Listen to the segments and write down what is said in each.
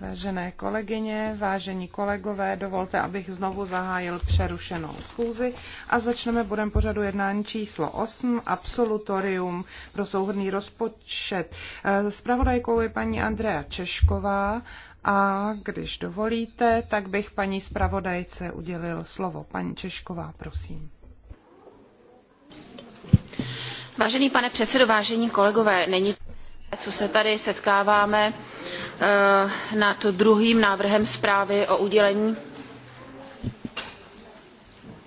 Vážené kolegyně, vážení kolegové, dovolte, abych znovu zahájil přerušenou schůzi a začneme bodem pořadu jednání číslo osm absolutorium pro souhrnný rozpočet. Spravodajkou eh, je paní Andrea Češková a když dovolíte, tak bych paní spravodajce udělil slovo. Paní Češková, prosím. Vážený pane předsedo, vážení kolegové, není co se tady setkáváme eh, nad druhým návrhem zprávy o udělení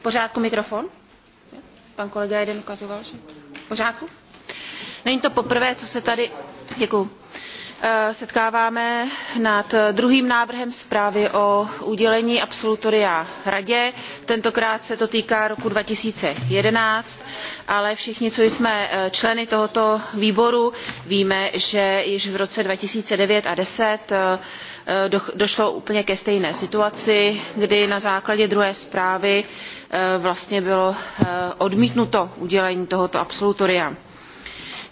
pořádku mikrofon? Pan kolega jeden ukazoval, že pořádku? Není to poprvé, co se tady... Děkuju Eh, setkáváme nad eh, druhým návrhem zprávy o udělení absolutoria radě tentokrát se to týká roku two thousand and eleven ale všichni co jsme eh, členy tohoto výboru víme že již v roce two thousand and nine a two thousand and ten došlo úplně ke stejné situaci kdy na základě druhé zprávy vlastně bylo odmítnuto udělení tohoto absolutoria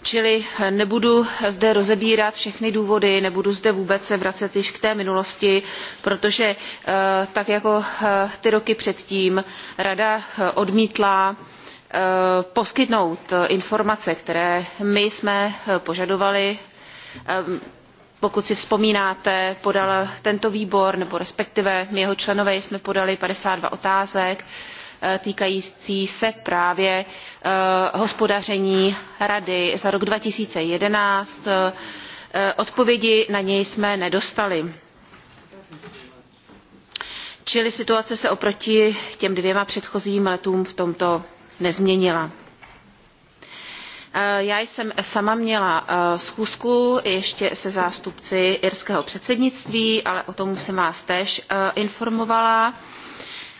čili eh, nebudu zde rozebírat všechny důvody nebudu zde vůbec se vracet již k té minulosti protože eh, tak jako eh, ty roky předtím rada odmítla poskytnout informace které my jsme požadovali ehm, pokud si vzpomínáte podal tento výbor nebo respektive my jeho členové jsme podali fifty two otázek Eh, týkající se právě eh, hospodaření rady za rok two thousand and eleven odpovědi na něj jsme nedostali čili situace se oproti těm dvěma předchozím letům v tomto nezměnila. Eh, já jsem sama měla schůzku ještě se zástupci irského předsednictví, ale o tom jsem vás též informovala.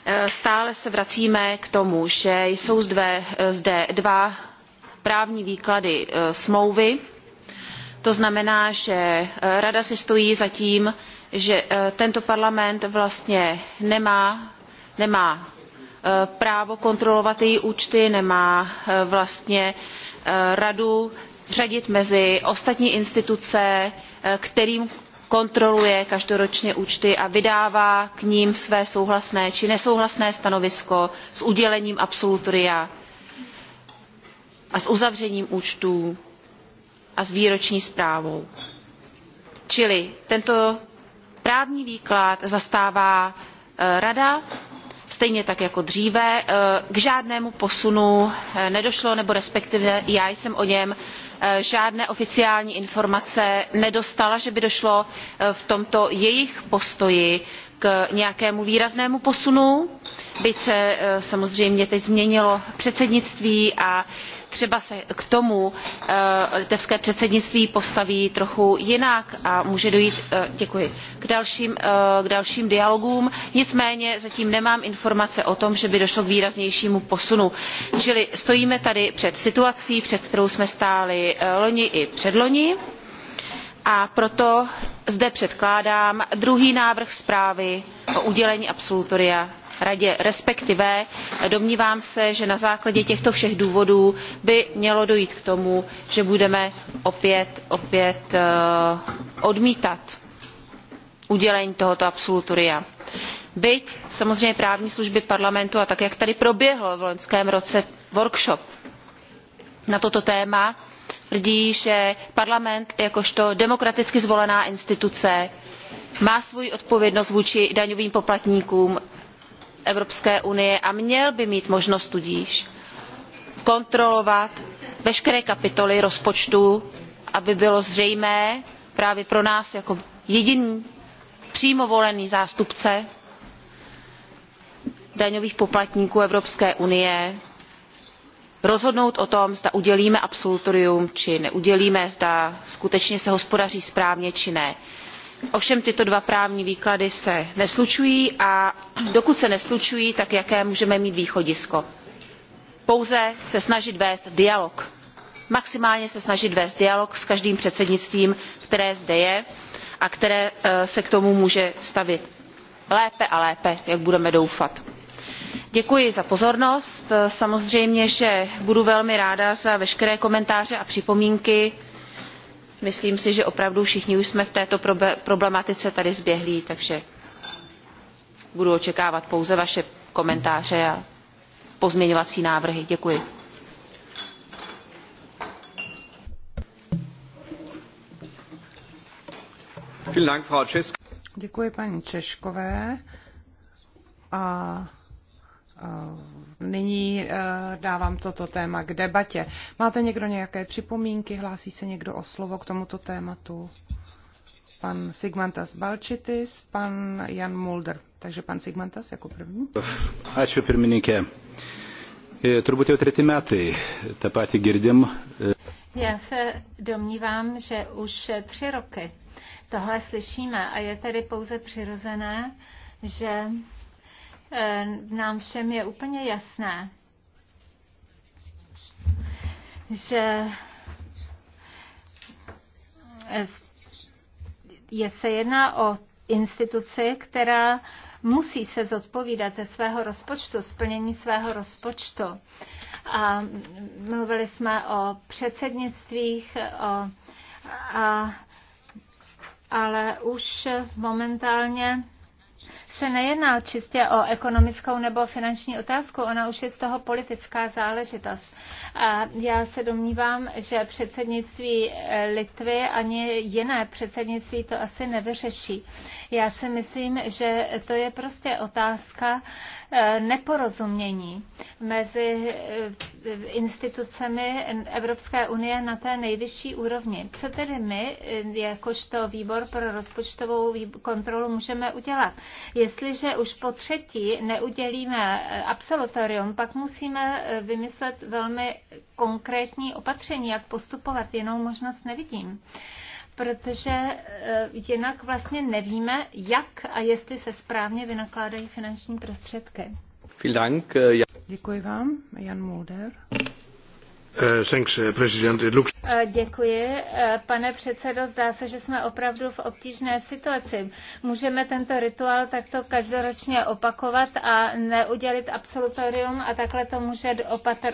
Eh, stále se vracíme k tomu že jsou zde, eh, dva právní výklady eh, smlouvy to znamená že rada si stojí za tím že tento parlament vlastně nemá, nemá právo kontrolovat její účty nemá vlastně radu řadit mezi ostatní instituce kterým kontroluje každoročně účty a vydává k nim své souhlasné či nesouhlasné stanovisko s udělením absolutoria a s uzavřením účtů a s výroční zprávou. Čili tento právní výklad zastává eh, Rada stejně tak jako dříve. Eh, k žádnému posunu eh, nedošlo nebo respektive já jsem o něm eh, žádné oficiální informace nedostala že by došlo v tomto jejich postoji k nějakému výraznému posunu byť se samozřejmě teď změnilo předsednictví a třeba se k tomu eh, litevské předsednictví postaví trochu jinak a může dojít eh, děkuji, k, dalším, eh, k dalším dialogům nicméně zatím nemám informace o tom že by došlo k výraznějšímu posunu čili stojíme tady před situací před kterou jsme stáli loni i předloni a proto zde předkládám druhý návrh zprávy o udělení absolutoria radě respektive domnívám se že na základě těchto všech důvodů by mělo dojít k tomu že budeme opět, opět eh, odmítat udělení tohoto absolutoria byť samozřejmě právní služby parlamentu a tak jak tady proběhl v loňském roce workshop na toto téma tvrdí že parlament jakožto demokraticky zvolená instituce má svoji odpovědnost vůči daňovým poplatníkům evropské unie a měl by mít možnost tudíž kontrolovat veškeré kapitoly rozpočtu aby bylo zřejmé právě pro nás jako jediný přímo volený zástupce daňových poplatníků evropské unie rozhodnout o tom zda udělíme absolutorium či neudělíme zda skutečně se hospodaří správně či ne ovšem tyto dva právní výklady se neslučují a dokud se neslučují tak jaké můžeme mít východisko? pouze se snažit vést dialog maximálně se snažit vést dialog s každým předsednictvím které zde je a které eh, se k tomu může stavět lépe a lépe jak budeme doufat. děkuji za pozornost eh, samozřejmě že budu velmi ráda za veškeré komentáře a připomínky myslím si, že opravdu všichni už jsme v této problematice tady zběhlí, takže budu očekávat pouze vaše komentáře a pozměňovací návrhy. Děkuji. Děkuji paní Češkové a Eh, nyní eh, dávám toto téma k debatě. Máte někdo nějaké připomínky? Hlásí se někdo o slovo k tomuto tématu? Pan Sigmantas Balčitis, pan Jan Mulder. Takže pan Sigmantas jako první. Ačiū pirmininkė. E, turbūt jau třetí metai tą patį girdim. E, Já se domnívám, že už tři roky tohle slyšíme a je tedy pouze přirozené, že Eh, nám všem je úplně jasné, že je, se jedná o instituci, která musí se zodpovídat ze svého rozpočtu, splnění svého rozpočtu. A mluvili jsme o předsednictvích, o, a, ale už momentálně se nejedná čistě o ekonomickou nebo finanční otázku, ona už je z toho politická záležitost. A já se domnívám, že předsednictví eh, Litvy ani jiné předsednictví to asi nevyřeší. Já si myslím, že to je prostě otázka eh, neporozumění mezi eh, institucemi Evropské unie na té nejvyšší úrovni. Co tedy my, jakožto výbor pro rozpočtovou kontrolu, můžeme udělat? Je Jestliže už po třetí neudělíme eh, absolutorium, pak musíme eh, vymyslet velmi konkrétní opatření, jak postupovat. Jinou možnost nevidím protože eh, jinak vlastně nevíme, jak a jestli se správně vynakládají finanční prostředky. Děkuji vám, Jan Mulder. Eh, eh, eh, děkuji, pane předsedo. Zdá se, že jsme opravdu v obtížné situaci. Můžeme tento rituál takto každoročně opakovat a neudělit absolutorium a takhle to může opatr,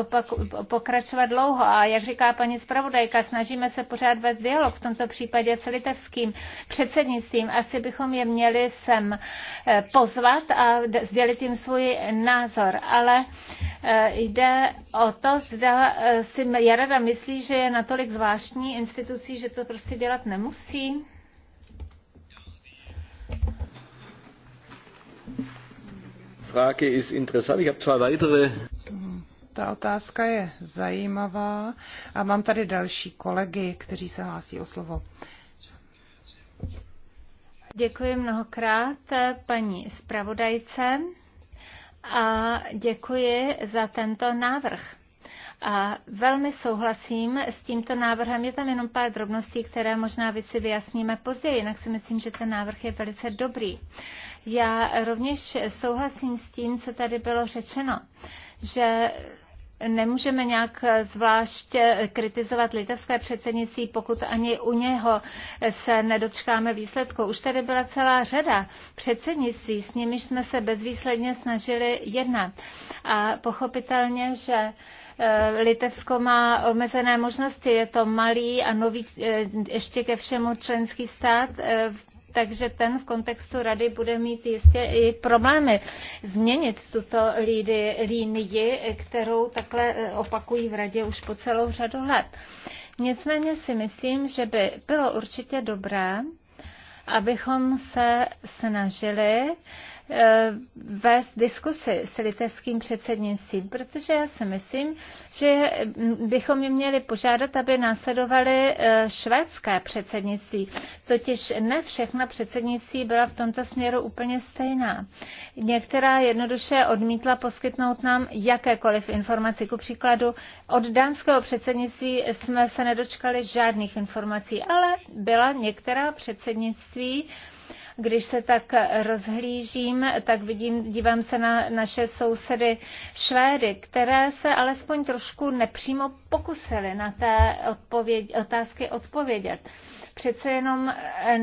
opak, pokračovat dlouho. A jak říká paní zpravodajka, snažíme se pořád vést dialog, v tomto případě s litevským předsednictvím. Asi bychom je měli sem pozvat a sdělit jim svůj názor. Ale jde o o to, zda eh, si Jarada myslí, že je natolik zvláštní institucí, že to prostě dělat nemusí? Frage ist interessant. Ich habe zwei weitere hmm, ta otázka je zajímavá a mám tady další kolegy, kteří se hlásí o slovo. Děkuji mnohokrát eh, paní zpravodajce a děkuji za tento návrh. A velmi souhlasím s tímto návrhem. Je tam jenom pár drobností, které možná vy si vyjasníme později, jinak si myslím, že ten návrh je velice dobrý. Já rovněž souhlasím s tím, co tady bylo řečeno, že nemůžeme nějak zvlášť kritizovat litevské předsednictví, pokud ani u něho se nedočkáme výsledku. Už tady byla celá řada předsednictví, s nimiž jsme se bezvýsledně snažili jednat. A pochopitelně, že Eh, Litevsko má omezené možnosti, je to malý a nový eh, ještě ke všemu členský stát eh, takže ten v kontextu rady bude mít jistě i problémy změnit tuto línii, kterou takhle opakují v radě už po celou řadu let. Nicméně si myslím, že by bylo určitě dobré, abychom se snažili uh, Eh, vést diskusy s litevským předsednictvím, protože já si myslím, že bychom je měli požádat, aby následovali eh, švédské předsednictví. Totiž ne všechna předsednictví byla v tomto směru úplně stejná. Některá jednoduše odmítla poskytnout nám jakékoliv informaci. Ku příkladu od dánského předsednictví jsme se nedočkali žádných informací, ale byla některá předsednictví, když se tak rozhlížím, tak vidím, dívám se na naše sousedy Švédy, které se alespoň trošku nepřímo pokusili na té odpověď, otázky odpovědět přece jenom eh,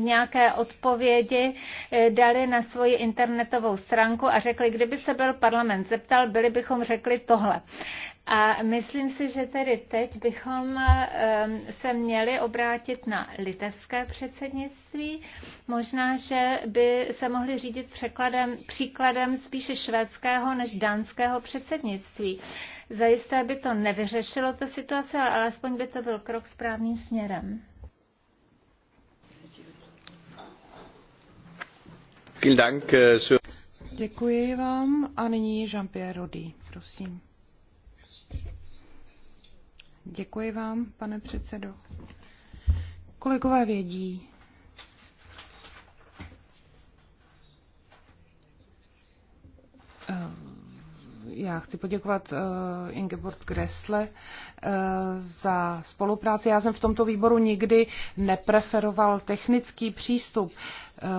nějaké odpovědi eh, dali na svoji internetovou stránku a řekli, kdyby se byl parlament zeptal, byli bychom řekli tohle. A myslím si, že tedy teď bychom ehm, se měli obrátit na litevské předsednictví. Možná, že by se mohli řídit překladem, příkladem spíše švédského než dánského předsednictví. Zajisté by to nevyřešilo to situace, ale alespoň by to byl krok správným směrem. Äh, Děkuji vám a nyní Jean-Pierre Rody, prosím. Děkuji vám, pane předsedo. Kolegové vědí, eh, já chci poděkovat uh, Ingeborg Gressle uh, za spolupráci. Já jsem v tomto výboru nikdy nepreferoval technický přístup. Eh,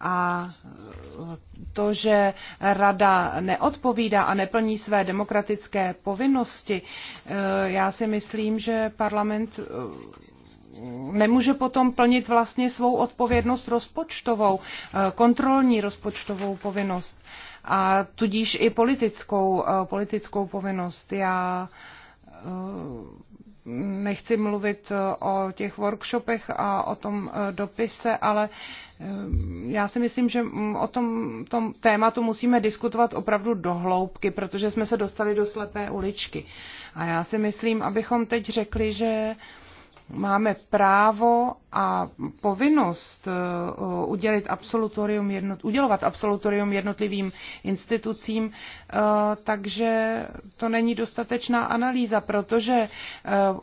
a to, že rada neodpovídá a neplní své demokratické povinnosti, eh, já si myslím, že parlament eh, nemůže potom plnit vlastně svou odpovědnost rozpočtovou, kontrolní rozpočtovou povinnost a tudíž i politickou, politickou povinnost. Já nechci mluvit eh, o těch workshopech a o tom eh, dopise, ale eh, já si myslím, že mm, o tom, tom tématu musíme diskutovat opravdu do hloubky, protože jsme se dostali do slepé uličky. A já si myslím, abychom teď řekli, že máme právo a povinnost eh, udělit absolutorium jednot, udělovat absolutorium jednotlivým institucím, eh, takže to není dostatečná analýza, protože eh,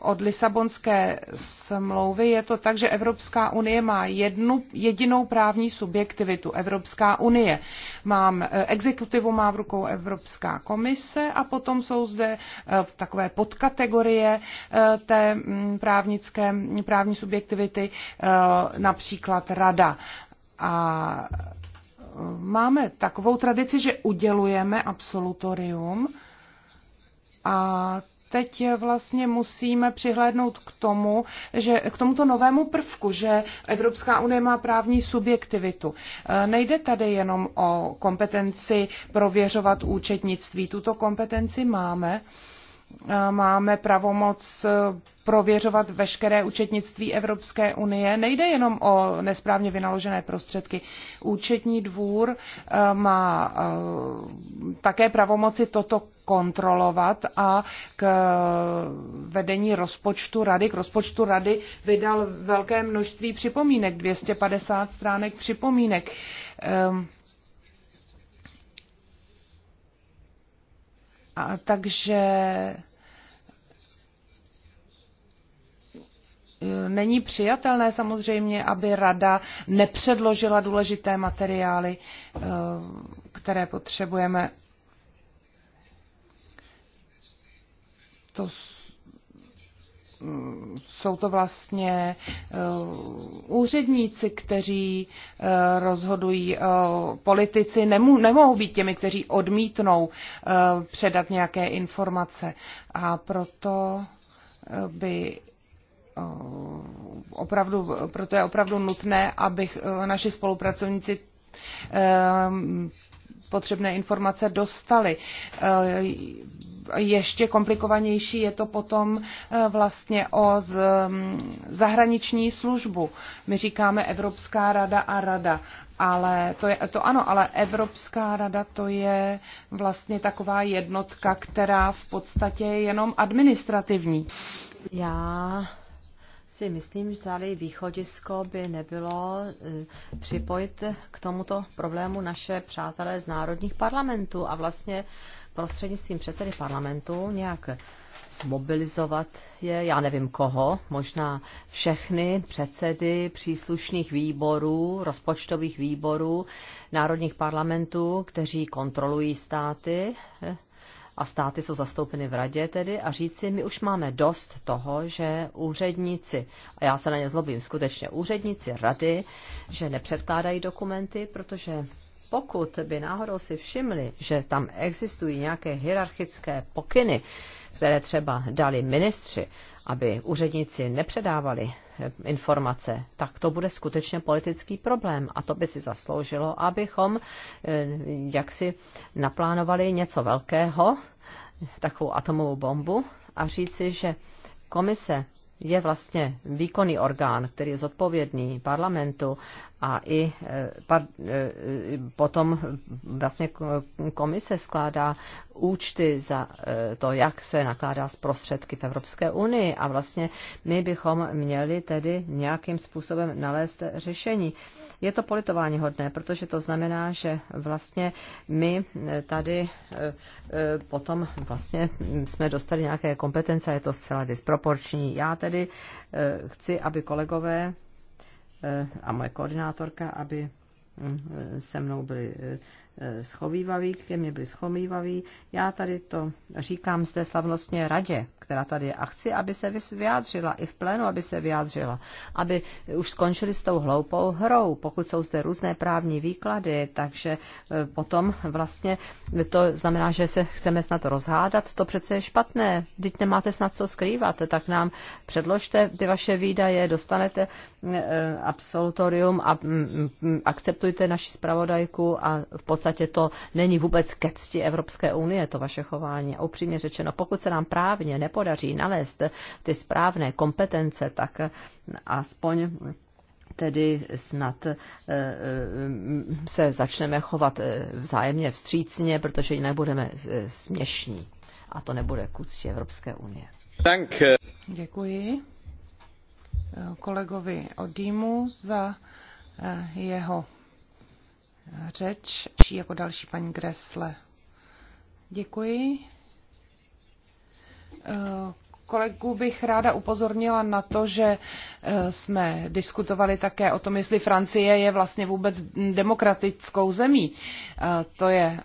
od Lisabonské smlouvy je to tak, že Evropská unie má jednu, jedinou právní subjektivitu. Evropská unie. má exekutivu má v rukou Evropská komise a potom jsou zde takové podkategorie té mm, právnické, mm, právní subjektivity, Eh, například rada. A eh, máme takovou tradici, že udělujeme absolutorium a teď vlastně musíme přihlédnout k tomu, že k tomuto novému prvku, že Evropská unie má právní subjektivitu. Eh, nejde tady jenom o kompetenci prověřovat účetnictví, tuto kompetenci máme máme pravomoc eh, prověřovat veškeré účetnictví Evropské unie. Nejde jenom o nesprávně vynaložené prostředky. Účetní dvůr eh, má eh, také pravomoci toto kontrolovat a k vedení rozpočtu rady. K rozpočtu rady vydal velké množství připomínek, 250 stránek připomínek. Ehm, A takže není přijatelné samozřejmě, aby rada nepředložila důležité materiály, eh, které potřebujeme. To jsou to vlastně eh, úředníci, kteří eh, rozhodují. Eh, politici nemohou být těmi, kteří odmítnou předat nějaké informace. A proto by opravdu, proto je opravdu nutné, aby naši spolupracovníci potřebné informace dostali ještě komplikovanější je to potom eh, vlastně o z, mm, zahraniční službu. My říkáme Evropská rada a rada, ale to je, to ano, ale Evropská rada to je vlastně taková jednotka, která v podstatě je jenom administrativní. Já si myslím, že tady východisko by nebylo e, připojit k tomuto problému naše přátelé z národních parlamentů a vlastně prostřednictvím předsedy parlamentu nějak zmobilizovat je, já nevím koho, možná všechny předsedy příslušných výborů, rozpočtových výborů národních parlamentů, kteří kontrolují státy, e, a státy jsou zastoupeny v radě tedy a říci, my už máme dost toho, že úředníci, a já se na ně zlobím skutečně, úředníci rady, že nepředkládají dokumenty, protože pokud by náhodou si všimli, že tam existují nějaké hierarchické pokyny, které třeba dali ministři, aby úředníci nepředávali informace, tak to bude skutečně politický problém a to by si zasloužilo, abychom eh, jaksi naplánovali něco velkého, takovou atomovou bombu a říci, že komise je vlastně výkonný orgán, který je zodpovědný parlamentu a i eh, par, eh, potom vlastně komise skládá účty za eh, to, jak se nakládá s prostředky v Evropské unii a vlastně my bychom měli tedy nějakým způsobem nalézt řešení. Je to politování hodné, protože to znamená, že vlastně my tady potom vlastně jsme dostali nějaké kompetence, je to zcela disproporční. Já tedy tedy eh, chci, aby kolegové eh, a moje koordinátorka, aby se mnou byli eh, schovývaví, ke mně byli schovývaví. Já tady to říkám té slavnostně radě, která tady je a chci, aby se vyjádřila i v plénu, aby se vyjádřila, aby už skončili s tou hloupou hrou, pokud jsou zde různé právní výklady, takže eh, potom vlastně to znamená, že se chceme snad rozhádat, to přece je špatné, teď nemáte snad co skrývat, tak nám předložte ty vaše výdaje, dostanete eh, absolutorium a mm, mm, akceptujete respektujte naši zpravodajku a v podstatě to není vůbec ke cti Evropské unie, to vaše chování. upřímně řečeno, pokud se nám právně nepodaří nalézt ty správné kompetence, tak aspoň tedy snad eh, eh, se začneme chovat eh, vzájemně vstřícně, protože jinak budeme směšní. A to nebude k úctě Evropské unie. Dank. Děkuji kolegovi Odímu za jeho řeč, či jako další paní Gresle. Děkuji. Eh, kolegu bych ráda upozornila na to, že eh, jsme diskutovali také o tom, jestli Francie je vlastně vůbec demokratickou zemí. Eh, to je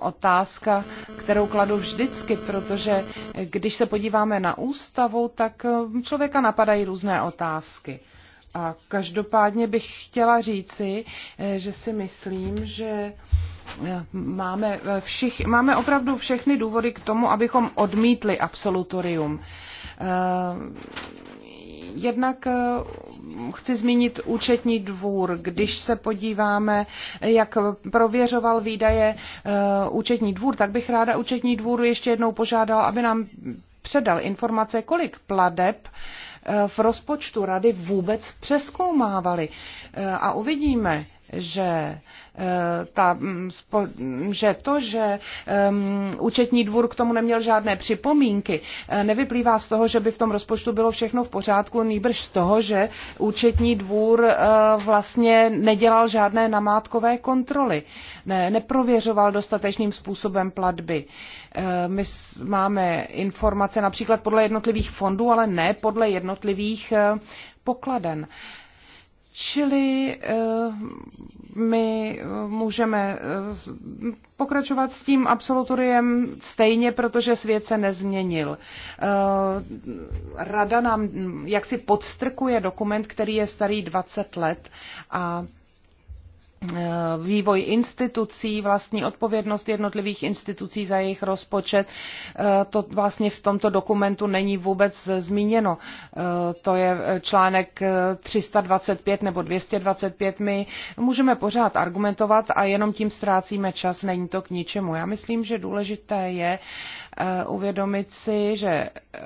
otázka, kterou kladu vždycky, protože když se podíváme na ústavu, tak člověka napadají různé otázky. A každopádně bych chtěla říci, eh, že si myslím, že eh, máme, eh, všich, máme opravdu všechny důvody k tomu, abychom odmítli absolutorium. Jednak chci zmínit účetní dvůr. Když se podíváme, jak prověřoval výdaje účetní dvůr, tak bych ráda účetní dvůru ještě jednou požádala, aby nám předal informace, kolik pladeb v rozpočtu rady vůbec přeskoumávali. E, a uvidíme, že, eh, ta, mm, že to, že um, účetní dvůr k tomu neměl žádné připomínky, eh, nevyplývá z toho, že by v tom rozpočtu bylo všechno v pořádku, nýbrž z toho, že účetní dvůr uh, vlastně nedělal žádné namátkové kontroly, ne, neprověřoval dostatečným způsobem platby. Uh, my máme informace například podle jednotlivých fondů, ale ne podle jednotlivých uh, pokladen. Uh, Čili eh, my eh, můžeme eh, pokračovat s tím absolutoriem stejně, protože svět se nezměnil. Rada nám mm, jaksi podstrkuje dokument, který je starý 20 let a Eh, vývoj institucí, vlastní odpovědnost jednotlivých institucí za jejich rozpočet, eh, to vlastně v tomto dokumentu není vůbec zmíněno. Eh, to je článek 325 nebo 225. My můžeme pořád argumentovat a jenom tím ztrácíme čas, není to k ničemu. Já myslím, že důležité je, Eh, uvědomit si, že eh,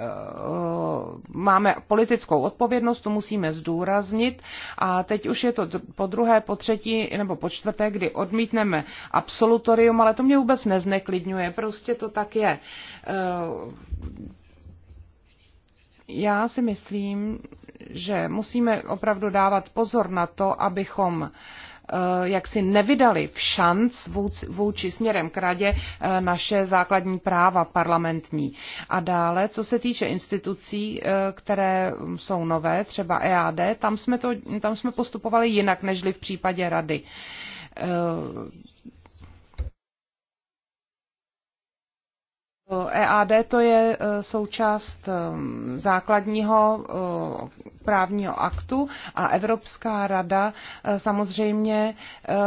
máme politickou odpovědnost, to musíme zdůraznit a teď už je to po druhé, po třetí nebo po čtvrté, kdy odmítneme absolutorium, ale to mě vůbec nezneklidňuje, prostě to tak je. Eh, já si myslím, že musíme opravdu dávat pozor na to, abychom uh, Eh, jak si nevydali v šanc vůči směrem k radě eh, naše základní práva parlamentní. A dále, co se týče institucí, eh, které jsou nové, třeba EAD, tam jsme, to, tam jsme postupovali jinak, nežli v případě rady EAD to je e, součást e, základního e, právního aktu a Evropská rada samozřejmě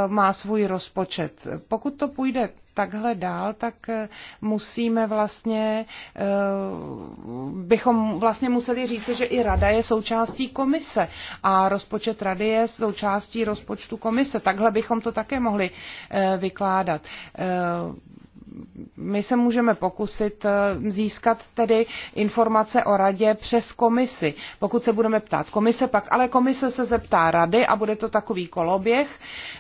má svůj rozpočet. Pokud to půjde takhle dál, tak musíme vlastně, bychom vlastně museli říci, že i rada je součástí komise a rozpočet rady je součástí rozpočtu komise. Takhle bychom to také mohli vykládat my se můžeme pokusit eh, získat tedy informace o radě přes komisi. Pokud se budeme ptát komise pak, ale komise se zeptá rady a bude to takový koloběh.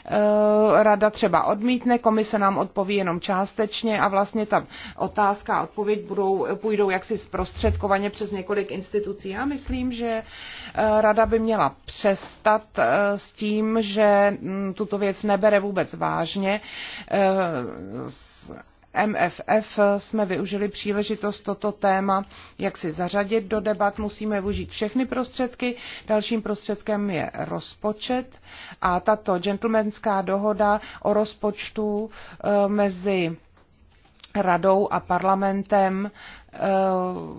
Eh, rada třeba odmítne, komise nám odpoví jenom částečně a vlastně ta otázka a odpověď budou, půjdou jaksi zprostředkovaně přes několik institucí. Já myslím, že eh, rada by měla přestat s tím, že mm, tuto věc nebere vůbec vážně. MFF jsme využili příležitost toto téma, jak si zařadit do debat. Musíme využít všechny prostředky. Dalším prostředkem je rozpočet a tato gentlemanská dohoda o rozpočtu eh, mezi radou a parlamentem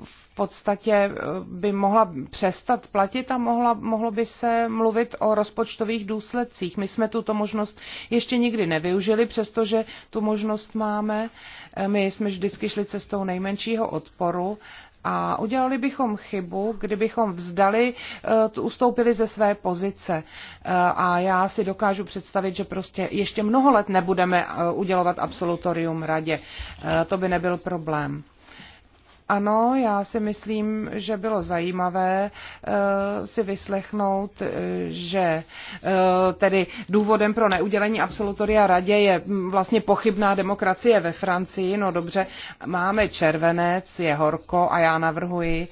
v podstatě eh, by mohla přestat platit a mohla, mohlo by se mluvit o rozpočtových důsledcích. My jsme tuto možnost ještě nikdy nevyužili, přestože tu možnost máme. Eh, My jsme vždycky šli cestou nejmenšího odporu. A udělali bychom chybu, kdybychom vzdali, eh, ustoupili ze své pozice. A já si dokážu představit, že prostě ještě mnoho let nebudeme udělovat absolutorium radě. To by nebyl problém. Ano, já si myslím, že bylo zajímavé eh, si vyslechnout, eh, že eh, tedy důvodem pro neudělení absolutoria radě je mm, vlastně pochybná demokracie ve Francii. No dobře, máme červenec, je horko a já navrhuji.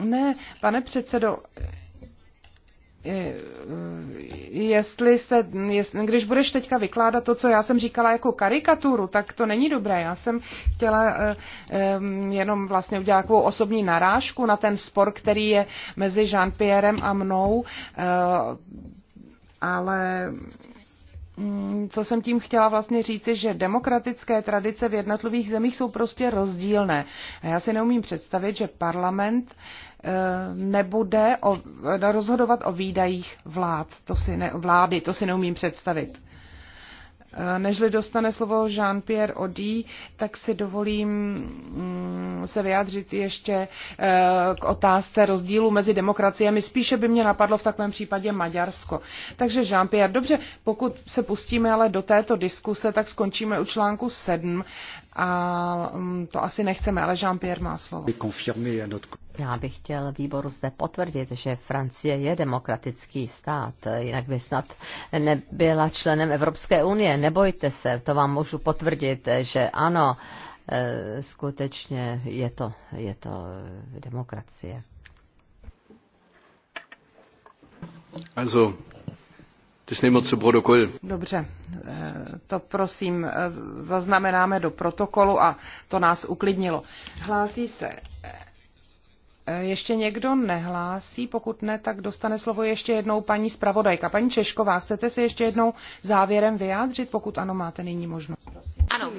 Ne, pane předsedo, jestli jste, jestli, když budeš teďka vykládat to, co já jsem říkala jako karikaturu, tak to není dobré. Já jsem chtěla um, jenom vlastně udělat takovou osobní narážku na ten spor, který je mezi Jean-Pierrem a mnou, uh, ale Mm, co jsem tím chtěla vlastně říci, že demokratické tradice v jednotlivých zemích jsou prostě rozdílné. A já si neumím představit, že parlament eh, nebude rozhodovat o výdajích vlád, to si ne, vlády, to si neumím představit. Eh, nežli dostane slovo Jean-Pierre Odí, tak si dovolím mm, se vyjádřit ještě eh, k otázce rozdílu mezi demokraciemi. Spíše by mě napadlo v takovém případě Maďarsko. Takže Jean-Pierre, dobře, pokud se pustíme ale do této diskuse, tak skončíme u článku 7, a mm, to asi nechceme, ale Jean-Pierre má slovo. Já bych chtěl výboru zde potvrdit, že Francie je demokratický stát, jinak by snad nebyla členem Evropské unie. Nebojte se, to vám můžu potvrdit, že ano, e, skutečně je to, je to demokracie. Also, Dobře, eh, to prosím eh, zaznamenáme do protokolu a to nás uklidnilo. Hlásí se ještě někdo nehlásí, pokud ne, tak dostane slovo ještě jednou paní zpravodajka. Paní Češková, chcete se ještě jednou závěrem vyjádřit, pokud ano, máte nyní možnost. Ano,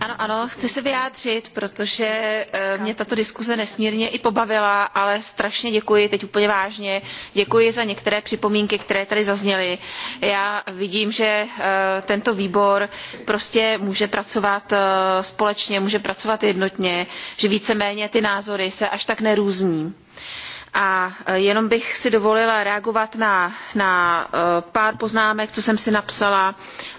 ano, ano chci se vyjádřit, protože eh, mě tato diskuze nesmírně i pobavila, ale strašně děkuji, teď úplně vážně, děkuji za některé připomínky, které tady zazněly. Já vidím, že eh, tento výbor prostě může pracovat eh, společně, může pracovat jednotně, že víceméně ty názory se až tak poměrně různí. A e, jenom bych si dovolila reagovat na, na e, pár poznámek, co jsem si napsala.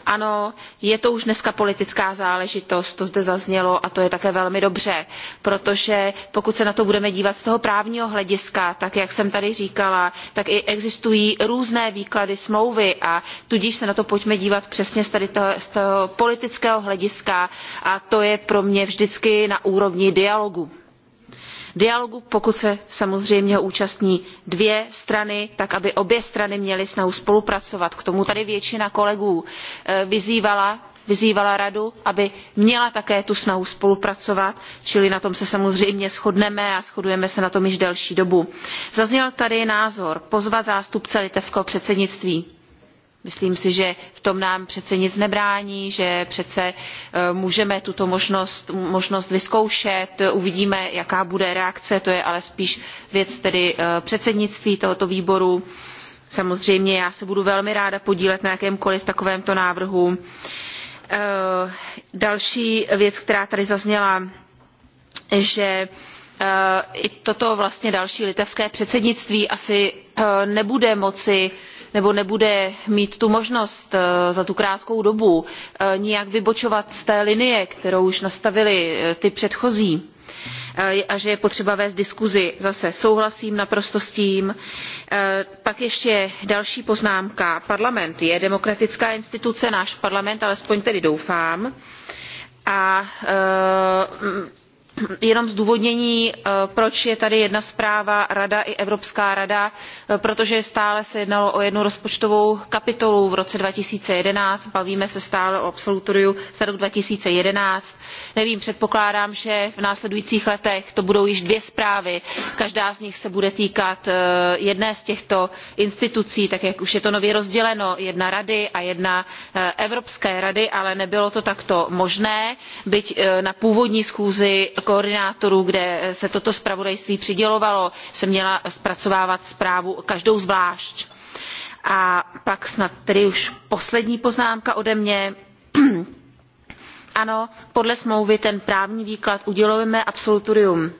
Ano, je to už dneska politická záležitost, to zde zaznělo a to je také velmi dobře, protože pokud se na to budeme dívat z toho právního hlediska, tak jak jsem tady říkala, tak i existují různé výklady smlouvy a tudíž se na to pojďme dívat přesně z, tady toho, z toho politického hlediska a to je pro mě vždycky na úrovni dialogu dialogu pokud se samozřejmě účastní dvě strany tak aby obě strany měly snahu spolupracovat k tomu tady většina kolegů eh, vyzývala vyzývala radu aby měla také tu snahu spolupracovat čili na tom se samozřejmě shodneme a shodujeme se na tom již delší dobu. zazněl tady názor pozvat zástupce litevského předsednictví Myslím si, že v tom nám přece nic nebrání, že přece eh, můžeme tuto možnost, možnost vyzkoušet, uvidíme, jaká bude reakce, to je ale spíš věc tedy eh, předsednictví tohoto výboru. Samozřejmě já se budu velmi ráda podílet na jakémkoliv takovémto návrhu. Eh, další věc, která tady zazněla, že i toto vlastně další litevské předsednictví asi nebude moci nebo nebude mít tu možnost eh, za tu krátkou dobu eh, nijak vybočovat z té linie kterou už nastavily eh, ty předchozí a že je potřeba vést diskusi zase souhlasím naprosto s tím. pak ještě další poznámka parlament je demokratická instituce náš parlament alespoň tedy doufám a jenom zdůvodnění eh, proč je tady jedna zpráva rada i evropská rada eh, protože stále se jednalo o jednu rozpočtovou kapitolu v roce two thousand and eleven bavíme se stále o absolutoriu za rok. two thousand and eleven nevím předpokládám že v následujících letech to budou již dvě zprávy každá z nich se bude týkat eh, jedné z těchto institucí tak jak už je to nově rozděleno jedna rady a jedna evropské rady ale nebylo to takto možné byť na původní schůzi koordinátorů kde se toto zpravodajství přidělovalo jsem měla zpracovávat zprávu každou zvlášť. a pak snad tedy už poslední poznámka ode mě ano podle smlouvy ten právní výklad udělujeme absolutorium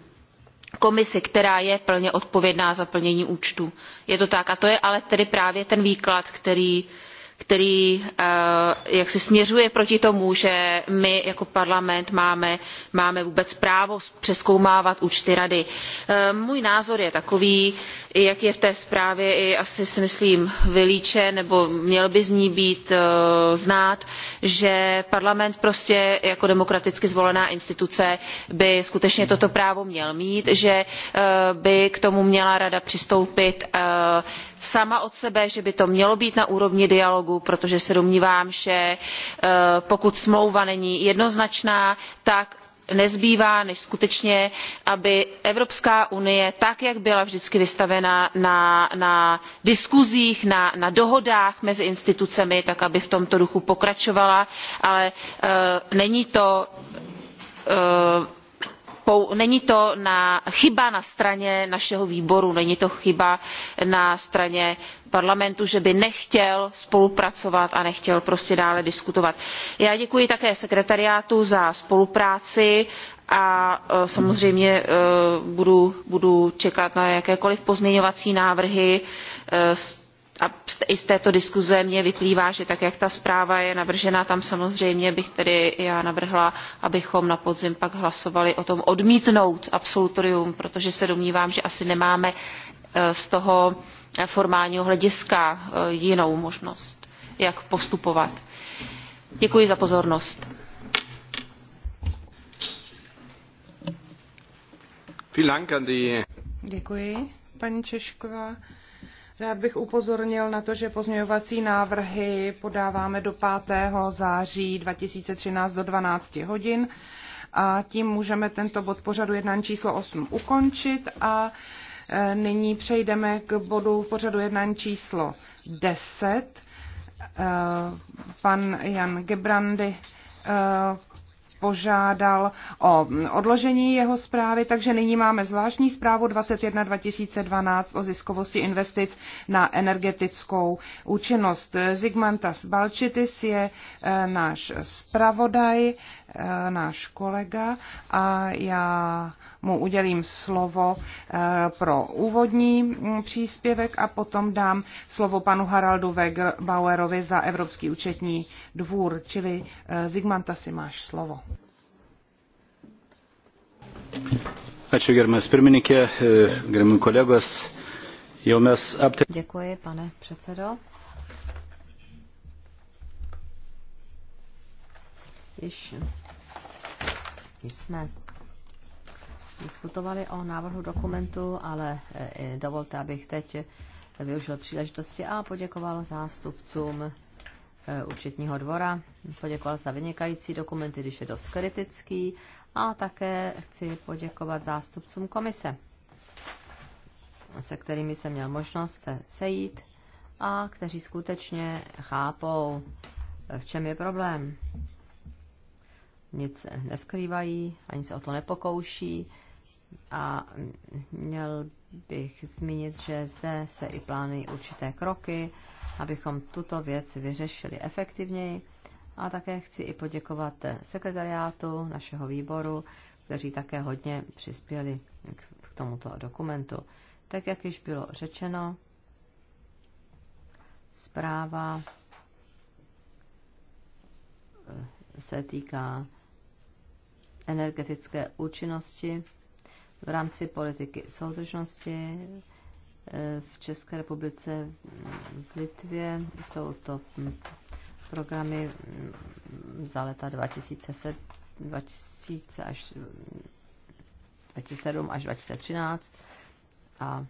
komisi která je plně odpovědná za plnění účtů. je to tak a to je ale tedy právě ten výklad který který eh, jak směřuje proti tomu, že my jako parlament máme, máme vůbec právo přeskoumávat účty rady. Eh, můj názor je takový, jak je v té zprávě i asi si myslím vylíčen, nebo měl by z ní být eh, znát, že parlament prostě jako demokraticky zvolená instituce by skutečně toto právo měl mít, že by k tomu měla rada přistoupit sama od sebe že by to mělo být na úrovni dialogu protože se domnívám že eh, pokud smlouva není jednoznačná tak nezbývá než skutečně aby evropská unie tak jak byla vždycky vystavena na, na diskuzích na, na dohodách mezi institucemi tak aby v tomto duchu pokračovala ale e, není to e, není to chyba na straně našeho výboru není to chyba na straně parlamentu že by nechtěl spolupracovat a nechtěl prostě dále diskutovat. já děkuji také sekretariátu za spolupráci a e, samozřejmě e, budu, budu čekat na jakékoliv pozměňovací návrhy e, a i z této diskuze mně vyplývá že tak jak ta zpráva je navržena tam samozřejmě bych tedy já navrhla abychom na podzim pak hlasovali o tom odmítnout absolutorium protože se domnívám že asi nemáme e, z toho formálního hlediska e, jinou možnost jak postupovat. děkuji za pozornost. Děkuji, paní Češková. Rád bych upozornil na to, že pozměňovací návrhy podáváme do 5. září 2013 do 12 hodin a tím můžeme tento bod pořadu jednání číslo 8 ukončit a e, nyní přejdeme k bodu pořadu jednání číslo 10. E, pan Jan Gebrandy e, požádal o odložení jeho zprávy, takže nyní máme zvláštní zprávu 21 2012 o ziskovosti investic na energetickou účinnost. Zigmantas Balčitis je eh, náš zpravodaj, eh, náš kolega a já mu udělím slovo eh, pro úvodní mm, příspěvek a potom dám slovo panu Haraldu Wegbauerovi za Evropský účetní dvůr, čili eh, Zigmanta si máš slovo. Ačiū gerbiamas pirmininkė, e, gerbiami kolegos. Jau mes aptarėme. Děkuji, pane předsedo. Již jsme diskutovali o návrhu dokumentu, ale e, dovolte, abych teď využil příležitosti a poděkoval zástupcům e, účetního dvora, poděkoval za vynikající dokumenty, když je dost kritický a také chci poděkovat zástupcům komise, se kterými jsem měl možnost se sejít a kteří skutečně chápou, e, v čem je problém. Nic neskrývají, ani se o to nepokouší a měl bych zmínit, že zde se i plánují určité kroky, abychom tuto věc vyřešili efektivněji. A také chci i poděkovat sekretariátu našeho výboru, kteří také hodně přispěli k tomuto dokumentu. Tak, jak již bylo řečeno, zpráva eh, se týká energetické účinnosti v rámci politiky soudržnosti eh, v České republice, v Litvě. Jsou to hm, programy hm, za leta 2007, až 2013 a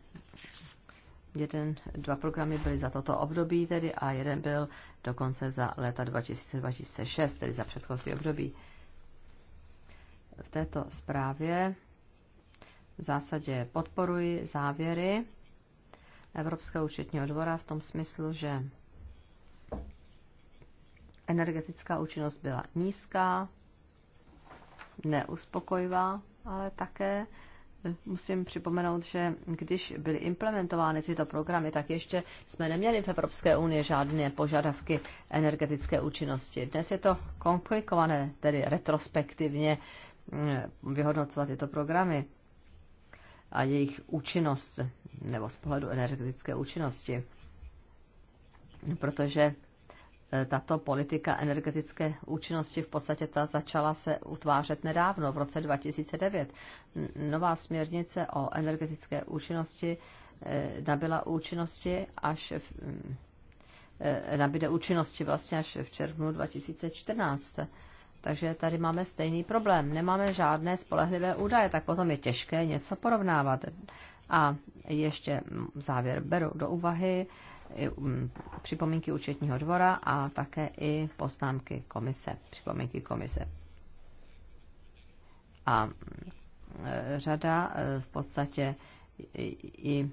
jeden, dva programy byly za toto období tedy a jeden byl dokonce za leta 2006 tedy za předchozí období. V této zprávě v zásadě podporuji závěry Evropského účetního dvora v tom smyslu, že energetická účinnost byla nízká, neuspokojivá, ale také musím připomenout, že když byly implementovány tyto programy, tak ještě jsme neměli v Evropské unii žádné požadavky energetické účinnosti. Dnes je to komplikované, tedy retrospektivně mm, vyhodnocovat tyto programy a jejich účinnost, nebo z pohledu energetické účinnosti. Protože e, tato politika energetické účinnosti v podstatě ta začala se utvářet nedávno, v roce 2009. Nová směrnice o energetické účinnosti e, nabyla účinnosti až v, e, nabíde účinnosti vlastně až v červnu 2014. Takže tady máme stejný problém. Nemáme žádné spolehlivé údaje, tak potom je těžké něco porovnávat. A ještě závěr beru do úvahy mm, připomínky účetního dvora a také i poznámky komise, připomínky komise. A mm, řada e, v podstatě i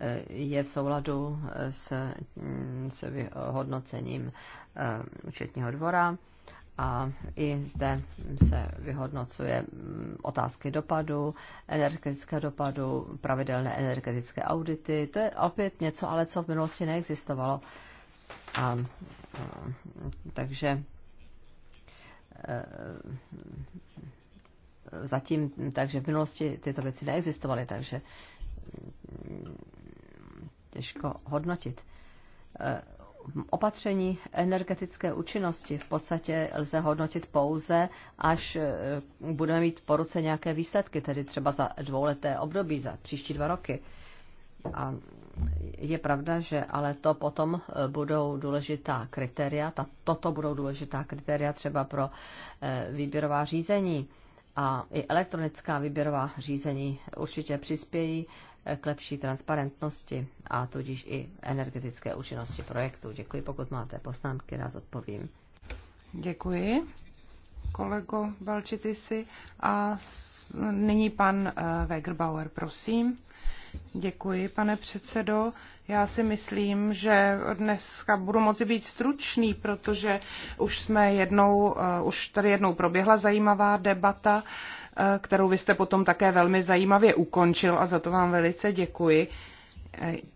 e, je v souladu s, mm, s hodnocením e, účetního dvora a i zde se vyhodnocuje mm, otázky dopadu, energetického dopadu, pravidelné energetické audity. To je opět něco, ale co v minulosti neexistovalo. A, a takže e, zatím, takže v minulosti tyto věci neexistovaly, takže mm, těžko hodnotit. E, opatření energetické účinnosti v podstatě lze hodnotit pouze, až e, budeme mít po ruce nějaké výsledky, tedy třeba za dvouleté období, za příští dva roky. A je pravda, že ale to potom e, budou důležitá kritéria, ta, toto budou důležitá kritéria třeba pro e, výběrová řízení a i elektronická výběrová řízení určitě přispějí k lepší transparentnosti a tudíž i energetické účinnosti projektu. Děkuji, pokud máte poznámky, rád odpovím. Děkuji, kolego Balčitisi. A nyní pan eh, Wegerbauer, prosím. Děkuji, pane předsedo. Já si myslím, že dneska budu moci být stručný, protože už jsme jednou, eh, už tady jednou proběhla zajímavá debata, eh, kterou vy jste potom také velmi zajímavě ukončil a za to vám velice děkuji.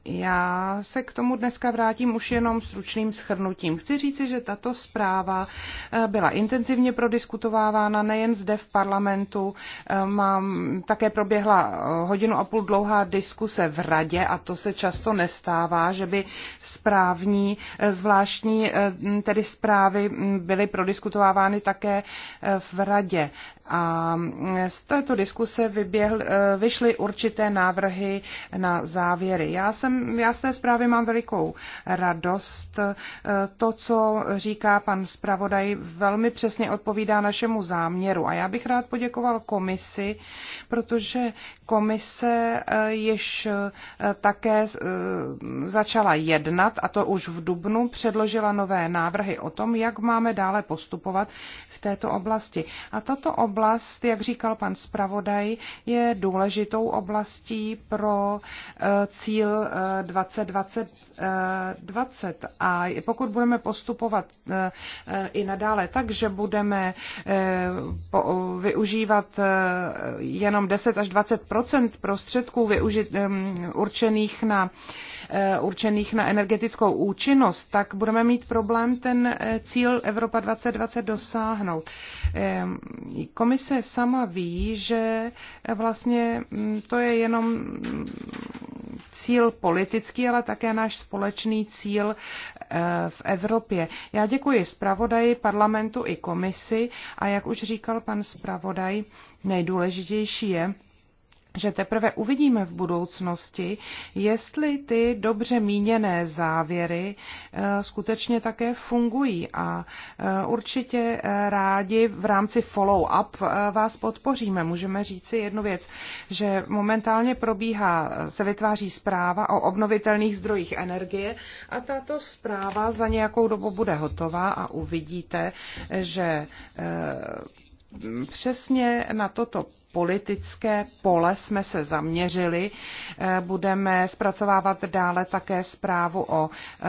Já se k tomu dneska vrátím už jenom stručným schrnutím. Chci říci, že tato zpráva eh, byla intenzivně prodiskutovávána nejen zde v parlamentu. Eh, mám, také proběhla eh, hodinu a půl dlouhá diskuse v radě a to se často nestává, že by správní, zvláštní tedy zprávy byly prodiskutovávány také v radě. A z této diskuse vyběhl, vyšly určité návrhy na závěr závěry. Já, jsem, já z té zprávy mám velikou radost. E, to, co říká pan zpravodaj, velmi přesně odpovídá našemu záměru. A já bych rád poděkoval komisi, protože komise e, již e, také začala jednat, a to už v Dubnu, předložila nové návrhy o tom, jak máme dále postupovat v této oblasti. A tato oblast, jak říkal pan zpravodaj, je důležitou oblastí pro cíl 2020 eh, 20. Eh, A pokud budeme postupovat eh, i nadále tak, že budeme využívat jenom 10 až 20 prostředků využit, určených na určených na energetickou účinnost, tak budeme mít problém ten cíl Evropa 2020 dosáhnout. Komise sama ví, že vlastně mm, to je jenom cíl politický, ale také náš společný cíl eh, v Evropě. Já děkuji zpravodaji, parlamentu i komisi a jak už říkal pan zpravodaj, nejdůležitější je, že teprve uvidíme v budoucnosti, jestli ty dobře míněné závěry eh, skutečně také fungují. A eh, určitě eh, rádi v rámci follow-up vás podpoříme. Můžeme říct si jednu věc, že momentálně probíhá, se vytváří zpráva o obnovitelných zdrojích energie a tato zpráva za nějakou dobu bude hotová a uvidíte, že přesně na toto politické pole jsme se zaměřili. Eh, budeme zpracovávat dále také zprávu o eh,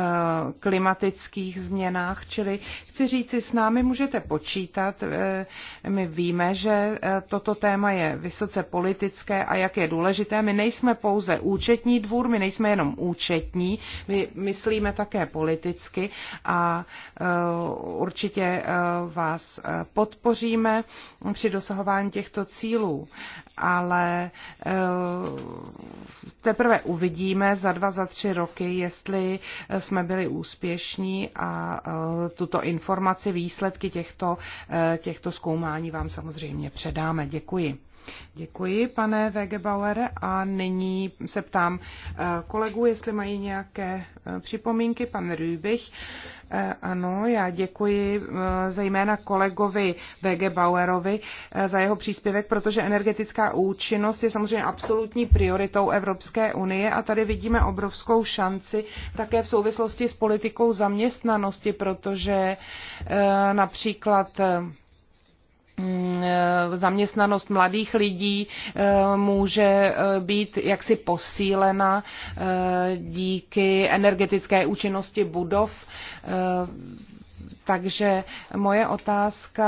klimatických změnách, čili chci říci, s námi můžete počítat. Eh, my víme, že toto téma je vysoce politické a jak je důležité. My nejsme pouze účetní dvůr, my nejsme jenom účetní, my myslíme také politicky a určitě vás podpoříme při dosahování těchto cílů. EU, ale eh, teprve uvidíme za dva, za tři roky, jestli eh, jsme byli úspěšní a eh, tuto informaci, výsledky těchto, těchto zkoumání vám samozřejmě předáme. Děkuji. Děkuji, pane Wegebauer. A nyní se ptám eh, kolegů, jestli mají nějaké eh, připomínky. Pan Rübich. Eh, ano, já děkuji zejména kolegovi VG Bauerovi za jeho příspěvek, protože energetická účinnost je samozřejmě absolutní prioritou Evropské unie a tady vidíme obrovskou šanci také v souvislosti s politikou zaměstnanosti, protože například Mm, eh, zaměstnanost mladých lidí eh, může eh, být jaksi posílena díky energetické účinnosti budov takže moje otázka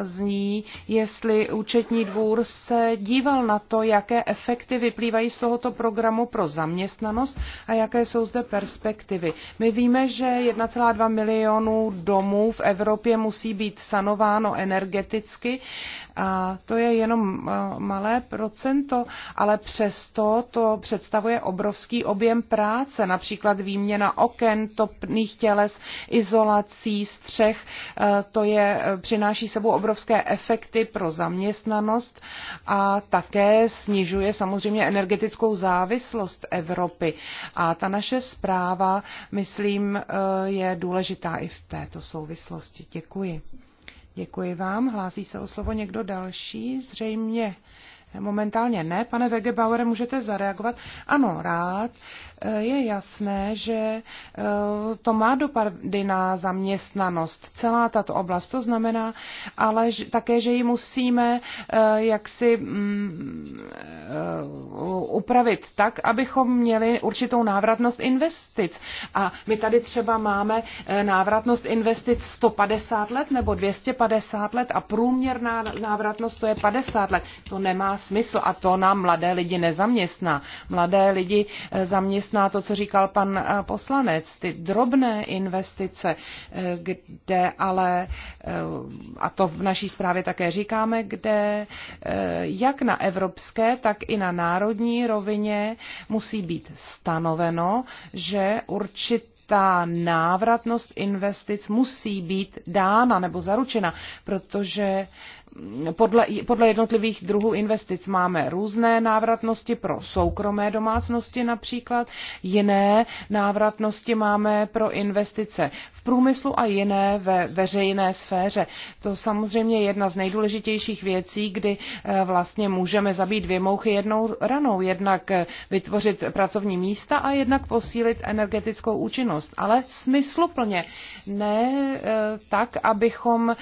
zní, jestli účetní dvůr se díval na to, jaké efekty vyplývají z tohoto programu pro zaměstnanost a jaké jsou zde perspektivy. My víme, že 1,2 milionů domů v Evropě musí být sanováno energeticky a to je jenom eh, malé procento, ale přesto to představuje obrovský objem práce, například výměna oken, topných těles, izolací, střech. Eh, to je, eh, přináší sebou obrovské efekty pro zaměstnanost a také snižuje samozřejmě energetickou závislost Evropy. A ta naše zpráva, myslím, eh, je důležitá i v této souvislosti. Děkuji. Děkuji vám. Hlásí se o slovo někdo další? Zřejmě momentálně ne. Pane Wegebauere, můžete zareagovat? Ano, rád je jasné, že eh, to má dopady na zaměstnanost. Celá tato oblast to znamená, ale také, že ji musíme eh, jaksi mm, eh, upravit tak, abychom měli určitou návratnost investic. A my tady třeba máme návratnost investic 150 let nebo 250 let a průměrná návratnost to je 50 let. To nemá smysl a to nám mladé lidi nezaměstná. Mladé lidi zaměstná na to, co říkal pan eh, poslanec, ty drobné investice, eh, kde ale, eh, a to v naší zprávě také říkáme, kde jak na evropské, tak i na národní rovině musí být stanoveno, že určitě ta návratnost investic musí být dána nebo zaručena, protože podle, podle jednotlivých druhů investic máme různé návratnosti pro soukromé domácnosti například, jiné návratnosti máme pro investice v průmyslu a jiné ve veřejné sféře. To samozřejmě je jedna z nejdůležitějších věcí, kdy eh, vlastně můžeme zabít dvě mouchy jednou ranou, jednak eh, vytvořit pracovní místa a jednak posílit energetickou účinnost, ale smysluplně, ne eh, tak, abychom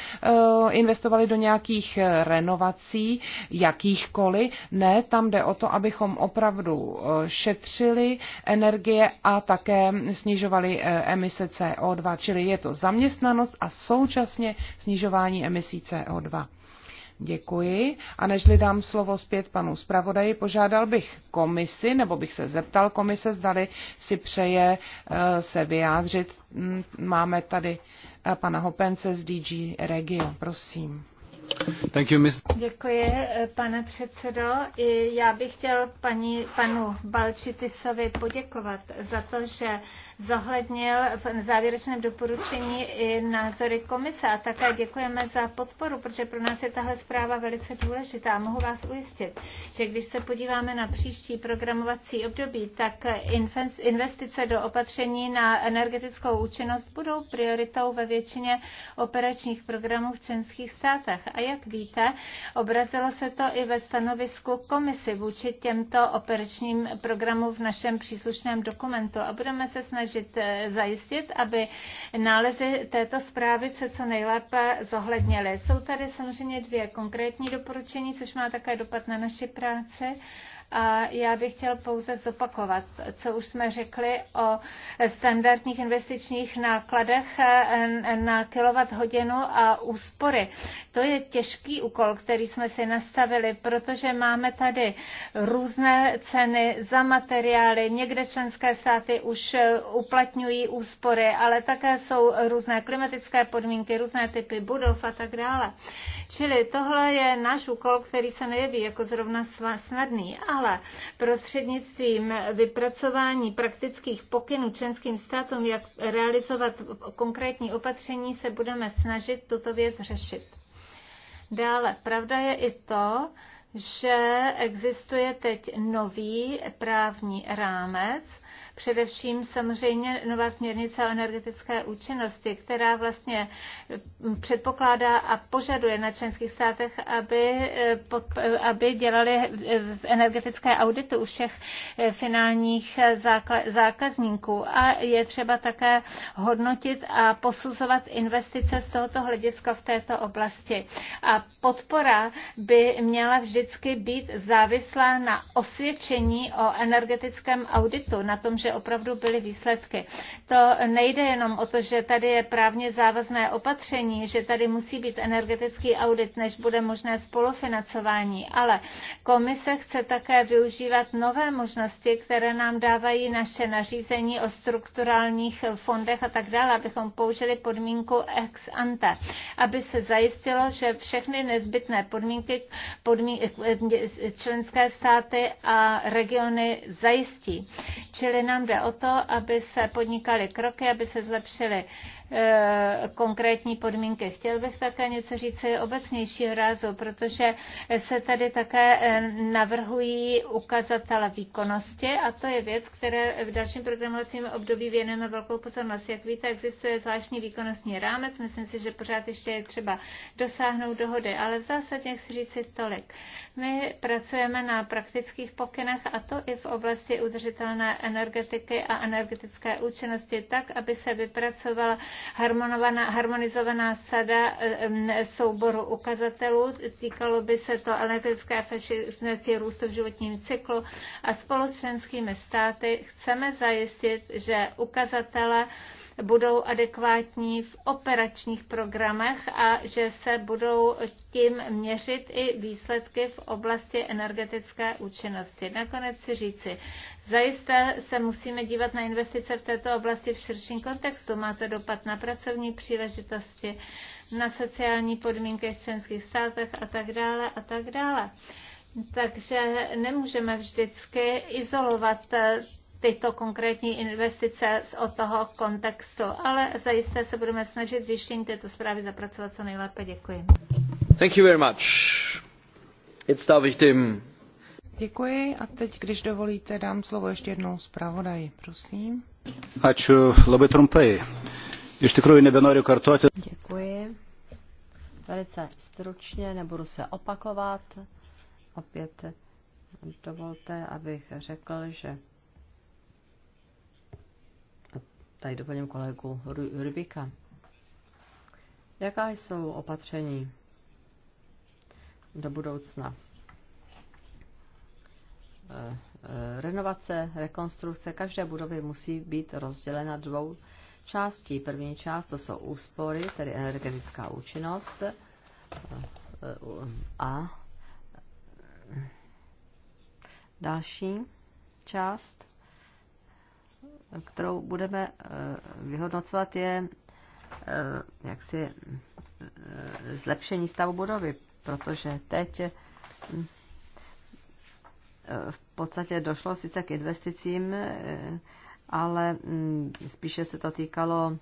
investovali do nějakých nějakých eh, renovací, jakýchkoliv. Ne, tam jde o to, abychom opravdu eh, šetřili energie a také snižovali eh, emise CO2, čili je to zaměstnanost a současně snižování emisí CO2. Děkuji. A nežli dám slovo zpět panu zpravodaji, požádal bych komisi, nebo bych se zeptal komise, zdali si přeje se vyjádřit. Hm, máme tady pana Hopence z DG Regio. Prosím. You, Děkuji, pane předsedo. I já bych chtěl paní, panu Balčitisovi poděkovat za to, že zohlednil v závěrečném doporučení i názory komise a také děkujeme za podporu, protože pro nás je tahle zpráva velice důležitá. Mohu vás ujistit, že když se podíváme na příští programovací období, tak investice do opatření na energetickou účinnost budou prioritou ve většině operačních programů v členských státech. A jak víte, obrazilo se to i ve stanovisku komisy vůči těmto operačním programům v našem příslušném dokumentu. A budeme se snažit eh, zajistit, aby nálezy této zprávy se co nejlépe zohlednily. Jsou tady samozřejmě dvě konkrétní doporučení, což má také dopad na naši práci. A já bych chtěl pouze zopakovat, co už jsme řekli o standardních investičních nákladech eh, na kilovat hodinu a úspory. To je těžký úkol, který jsme si nastavili, protože máme tady různé ceny za materiály. Někde členské státy už eh, uplatňují úspory, ale také jsou různé klimatické podmínky, různé typy budov a tak dále. Čili tohle je náš úkol, který se nejeví jako zrovna snadný, ale prostřednictvím vypracování praktických pokynů členským státům, jak realizovat konkrétní opatření, se budeme snažit tuto věc řešit. Dále, pravda je i to, že existuje teď nový právní rámec, Především samozřejmě nová směrnice o energetické účinnosti, která vlastně mm, předpokládá a požaduje na členských státech, aby, eh, eh, aby dělali eh, energetické audity u všech finálních zákazníků. A je třeba také hodnotit a posuzovat investice z tohoto hlediska v této oblasti. A podpora by měla vždycky být závislá na osvědčení o energetickém auditu, na tom, že opravdu byly výsledky. To nejde jenom o to, že tady je právně závazné opatření, že tady musí být energetický audit, než bude možné spolufinancování, ale komise chce také využívat nové možnosti, které nám dávají naše nařízení o strukturálních fondech a tak dále, abychom použili podmínku ex ante, aby se zajistilo, že všechny nezbytné podmínky podmín, eh, eh, členské státy a regiony zajistí. Čili na nám jde o to, aby se podnikaly kroky, aby se zlepšily Eh, konkrétní podmínky. Chtěl bych také něco říct obecnějšího rázu, protože se tady také eh, navrhují ukazatele výkonnosti a to je věc, které v dalším programovacím období věnujeme velkou pozornost. Jak víte, existuje zvláštní výkonnostní rámec, myslím si, že pořád ještě je třeba dosáhnout dohody, ale v zásadě chci říct si tolik. My pracujeme na praktických pokynech a to i v oblasti udržitelné energetiky a energetické účinnosti tak, aby se vypracovala harmonizovaná sada souboru ukazatelů. Týkalo by se to energetické efektivnosti růstu v životním cyklu a společenskými státy chceme zajistit, že ukazatele budou adekvátní v operačních programech a že se budou tím měřit i výsledky v oblasti energetické účinnosti. Nakonec si říci, zajisté se musíme dívat na investice v této oblasti v širším kontextu. Má to dopad na pracovní příležitosti, na sociální podmínky v členských státech a tak dále a tak dále. Takže nemůžeme vždycky izolovat tyto konkrétní investice od toho kontextu. Ale zajisté se budeme snažit zjištění této zprávy zapracovat co nejlépe. Děkuji. Thank you very much. Jetzt darf ich dem Děkuji a teď, když dovolíte, dám slovo ještě jednou zpravodaji, prosím. Ačiū labai trumpai. Iš tikrųjų nebenoriu kartuoti. Děkuji. Velice stručně, nebudu se opakovat. Opět dovolte, abych řekl, že Tady doplním kolegu Rubika. Jaká jsou opatření do budoucna? Eh, eh, renovace, rekonstrukce každé budovy musí být rozdělena dvou částí. První část to jsou úspory, tedy energetická účinnost eh, a další část kterou budeme eh, vyhodnocovat, je eh, jaksi eh, zlepšení stavu budovy, protože teď v podstatě došlo sice k investicím, ale mm, spíše se to týkalo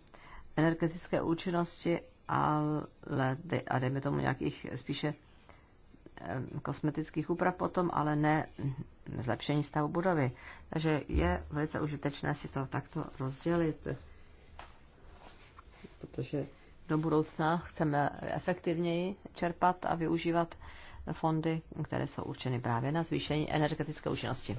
energetické účinnosti ale a dejme tomu nějakých spíše Eh, kosmetických úprav potom, ale ne zlepšení stavu budovy. Takže je velice užitečné si to takto rozdělit, protože do budoucna chceme efektivněji čerpat a využívat fondy, které jsou určeny právě na zvýšení energetické účinnosti.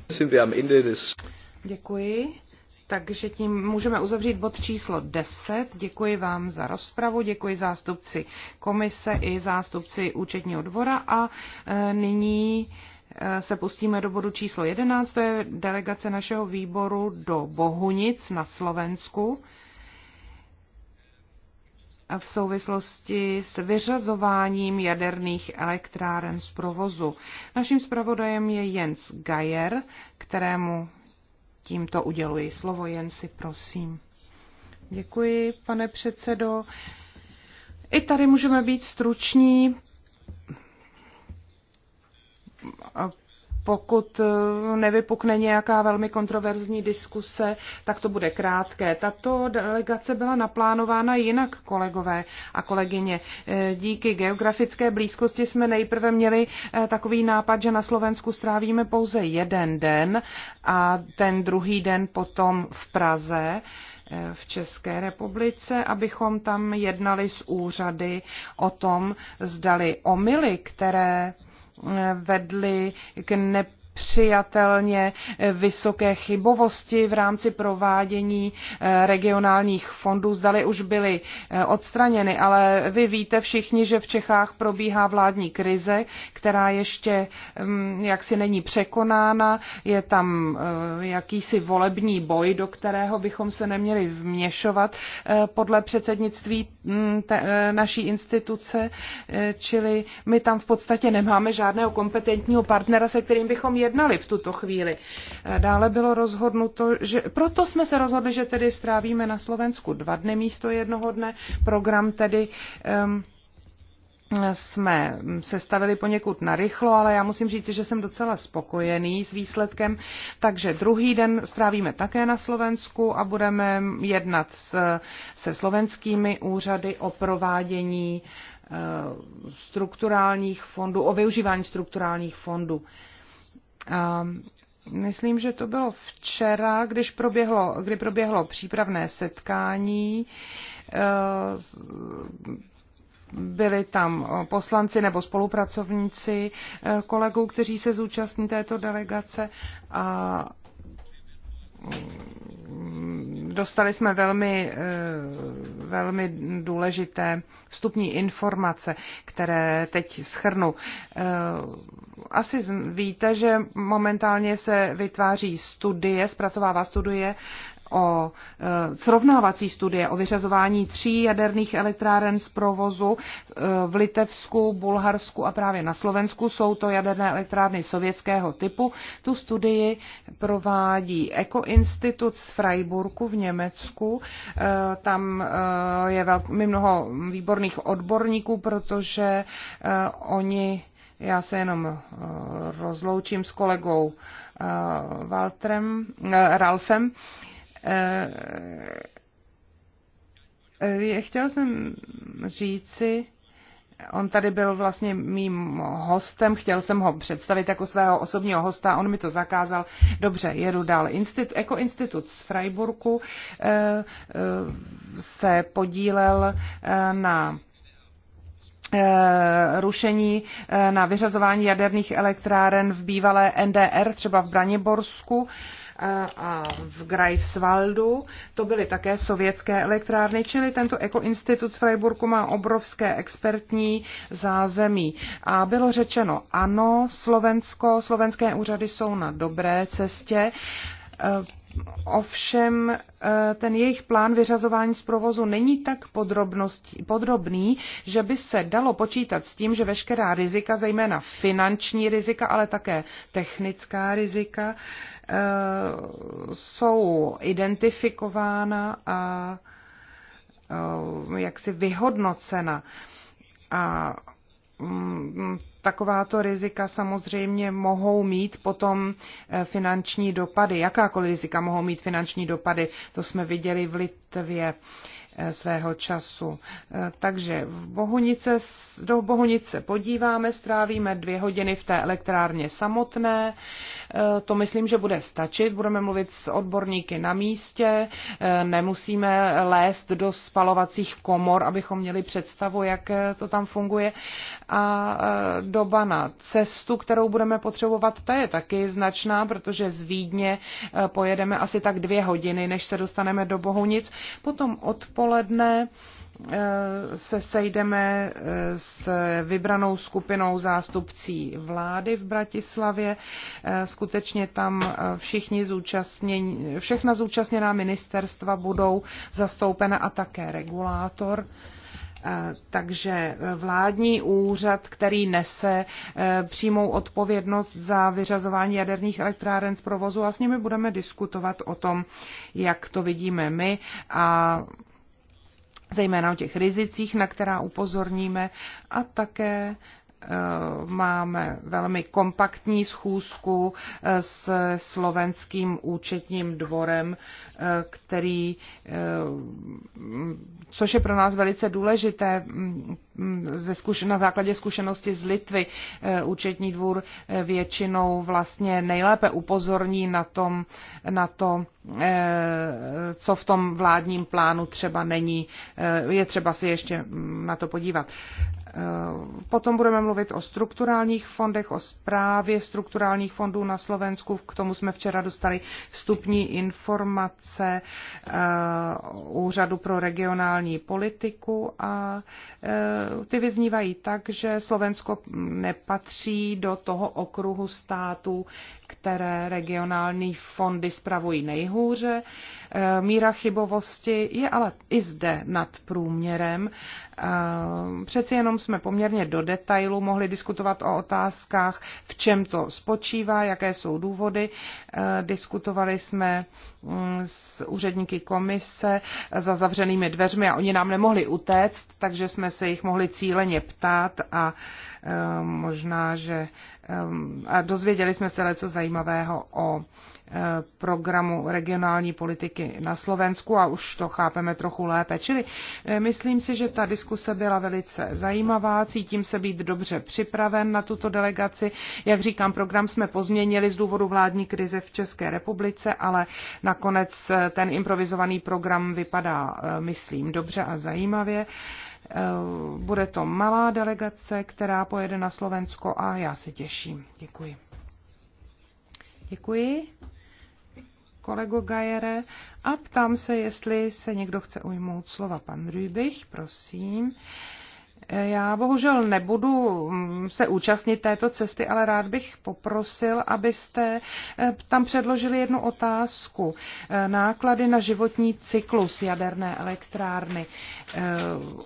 Děkuji. Takže tím můžeme uzavřít bod číslo 10. Děkuji vám za rozpravu, děkuji zástupci komise i zástupci účetního dvora a e, nyní e, se pustíme do bodu číslo 11, to je delegace našeho výboru do Bohunic na Slovensku v souvislosti s vyřazováním jaderných elektráren z provozu. Naším zpravodajem je Jens Geier, kterému tímto uděluji slovo, jen si prosím. Děkuji, pane předsedo. I tady můžeme být struční pokud eh, nevypukne nějaká velmi kontroverzní diskuse, tak to bude krátké. Tato delegace byla naplánována jinak, kolegové a kolegyně. Eh, díky geografické blízkosti jsme nejprve měli eh, takový nápad, že na Slovensku strávíme pouze jeden den a ten druhý den potom v Praze v České republice, abychom tam jednali s úřady o tom, zdali omily, které vedly k ne přijatelně eh, vysoké chybovosti v rámci provádění eh, regionálních fondů. Zdali už byly eh, odstraněny, ale vy víte všichni, že v Čechách probíhá vládní krize, která ještě mm, jaksi není překonána. Je tam jakýsi volební boj, do kterého bychom se neměli vměšovat podle předsednictví mm, naší instituce, čili my tam v podstatě nemáme žádného kompetentního partnera, se kterým bychom jednali v tuto chvíli. Eh, dále bylo rozhodnuto, že proto jsme se rozhodli, že tedy strávíme na Slovensku dva dny místo jednoho dne. Program tedy um, jsme sestavili poněkud narychlo, ale já musím říct, že jsem docela spokojený s výsledkem. Takže druhý den strávíme také na Slovensku a budeme jednat s, se slovenskými úřady o provádění eh, strukturálních fondů, o využívání strukturálních fondů. Myslím, že to bylo včera, když proběhlo, kdy proběhlo přípravné setkání. Eh, byli tam eh, poslanci nebo spolupracovníci eh, kolegů, kteří se zúčastní této delegace a dostali jsme velmi, eh, velmi důležité vstupní informace, které teď schrnu. Eh, asi víte, že momentálně se vytváří studie, zpracovává studie o e, srovnávací studie o vyřazování tří jaderných elektráren z provozu e, v Litevsku, Bulharsku a právě na Slovensku. Jsou to jaderné elektrárny sovětského typu. Tu studii provádí Ekoinstitut z Freiburgu v Německu. E, tam je velmi mnoho výborných odborníků, protože oni já se jenom rozloučím s kolegou Waltrem, Ralfem. Eh, eh, chtěl jsem říci, on tady byl vlastně mým hostem, chtěl jsem ho představit jako svého osobního hosta, on mi to zakázal. Dobře, jedu dál. Institut, jako institut z Freiburgu eh, se podílel na Eh, rušení eh, na vyřazování jaderných elektráren v bývalé NDR, třeba v Braniborsku eh, a v Greifswaldu. To byly také sovětské elektrárny, čili tento ekoinstitut z Freiburgu má obrovské expertní zázemí. A bylo řečeno, ano, Slovensko, slovenské úřady jsou na dobré cestě Ovšem eh, ten jejich plán vyřazování z provozu není tak podrobný, že by se dalo počítat s tím, že veškerá rizika, zejména finanční rizika, ale také technická rizika, eh, jsou identifikována a eh, jaksi vyhodnocena. A mm, takováto rizika samozřejmě mohou mít potom eh, finanční dopady. Jakákoliv rizika mohou mít finanční dopady, to jsme viděli v Litvě. Eh, svého času. Eh, takže v Bohunice, do Bohunice podíváme, strávíme dvě hodiny v té elektrárně samotné. Eh, to myslím, že bude stačit. Budeme mluvit s odborníky na místě. Nemusíme lézt do spalovacích komor, abychom měli představu, jak to tam funguje. A doba na cestu, kterou budeme potřebovat, ta je taky značná, protože z Vídně pojedeme asi tak dvě hodiny, než se dostaneme do Bohunic. Potom odpo odpoledne eh, se sejdeme eh, s vybranou skupinou zástupcí vlády v Bratislavě. Eh, skutečně tam všichni zúčastnění, všechna zúčastněná ministerstva budou zastoupena a také regulátor. Takže vládní úřad, který nese přímou odpovědnost za vyřazování jaderných elektráren z provozu a s nimi budeme diskutovat o tom, jak to vidíme my a zejména o těch rizicích, na která upozorníme, a také Eh, máme velmi kompaktní schůzku eh, s slovenským účetním dvorem, eh, který, což je pro nás velice důležité, ze na základě zkušenosti z Litvy účetní dvůr většinou vlastně nejlépe upozorní na, tom, na to, co v tom vládním plánu třeba není. Je třeba si ještě na to podívat. Eh, potom budeme mluvit o strukturálních fondech, o zprávě strukturálních fondů na Slovensku. K tomu jsme včera dostali vstupní informace eh, Úřadu pro regionální politiku a eh, ty vyznívají tak, že Slovensko nepatří do toho okruhu států, které regionální fondy spravují nejhůře. E, míra chybovosti je ale i zde nad průměrem. E, přeci jenom jsme poměrně do detailu mohli diskutovat o otázkách, v čem to spočívá, jaké jsou důvody. E, diskutovali jsme mm, s úředníky komise za zavřenými dveřmi a oni nám nemohli utéct, takže jsme se jich mohli cíleně ptát a možná, že Ehm, a dozvěděli jsme se něco zajímavého o eh, programu regionální politiky na Slovensku a už to chápeme trochu lépe. Čili eh, myslím si, že ta diskuse byla velice zajímavá, cítím se být dobře připraven na tuto delegaci. Jak říkám, program jsme pozměnili z důvodu vládní krize v České republice, ale nakonec eh, ten improvizovaný program vypadá, myslím, dobře a zajímavě. Eh, bude to malá delegace, která pojede na Slovensko a já se těším. Děkuji. Děkuji, kolego Gajere. A ptám se, jestli se někdo chce ujmout slova. Pan Rübich, prosím. Uh, já bohužel nebudu mm, se účastnit této cesty, ale rád bych poprosil, abyste eh, tam předložili jednu otázku. Eh, náklady na životní cyklus jaderné elektrárny eh,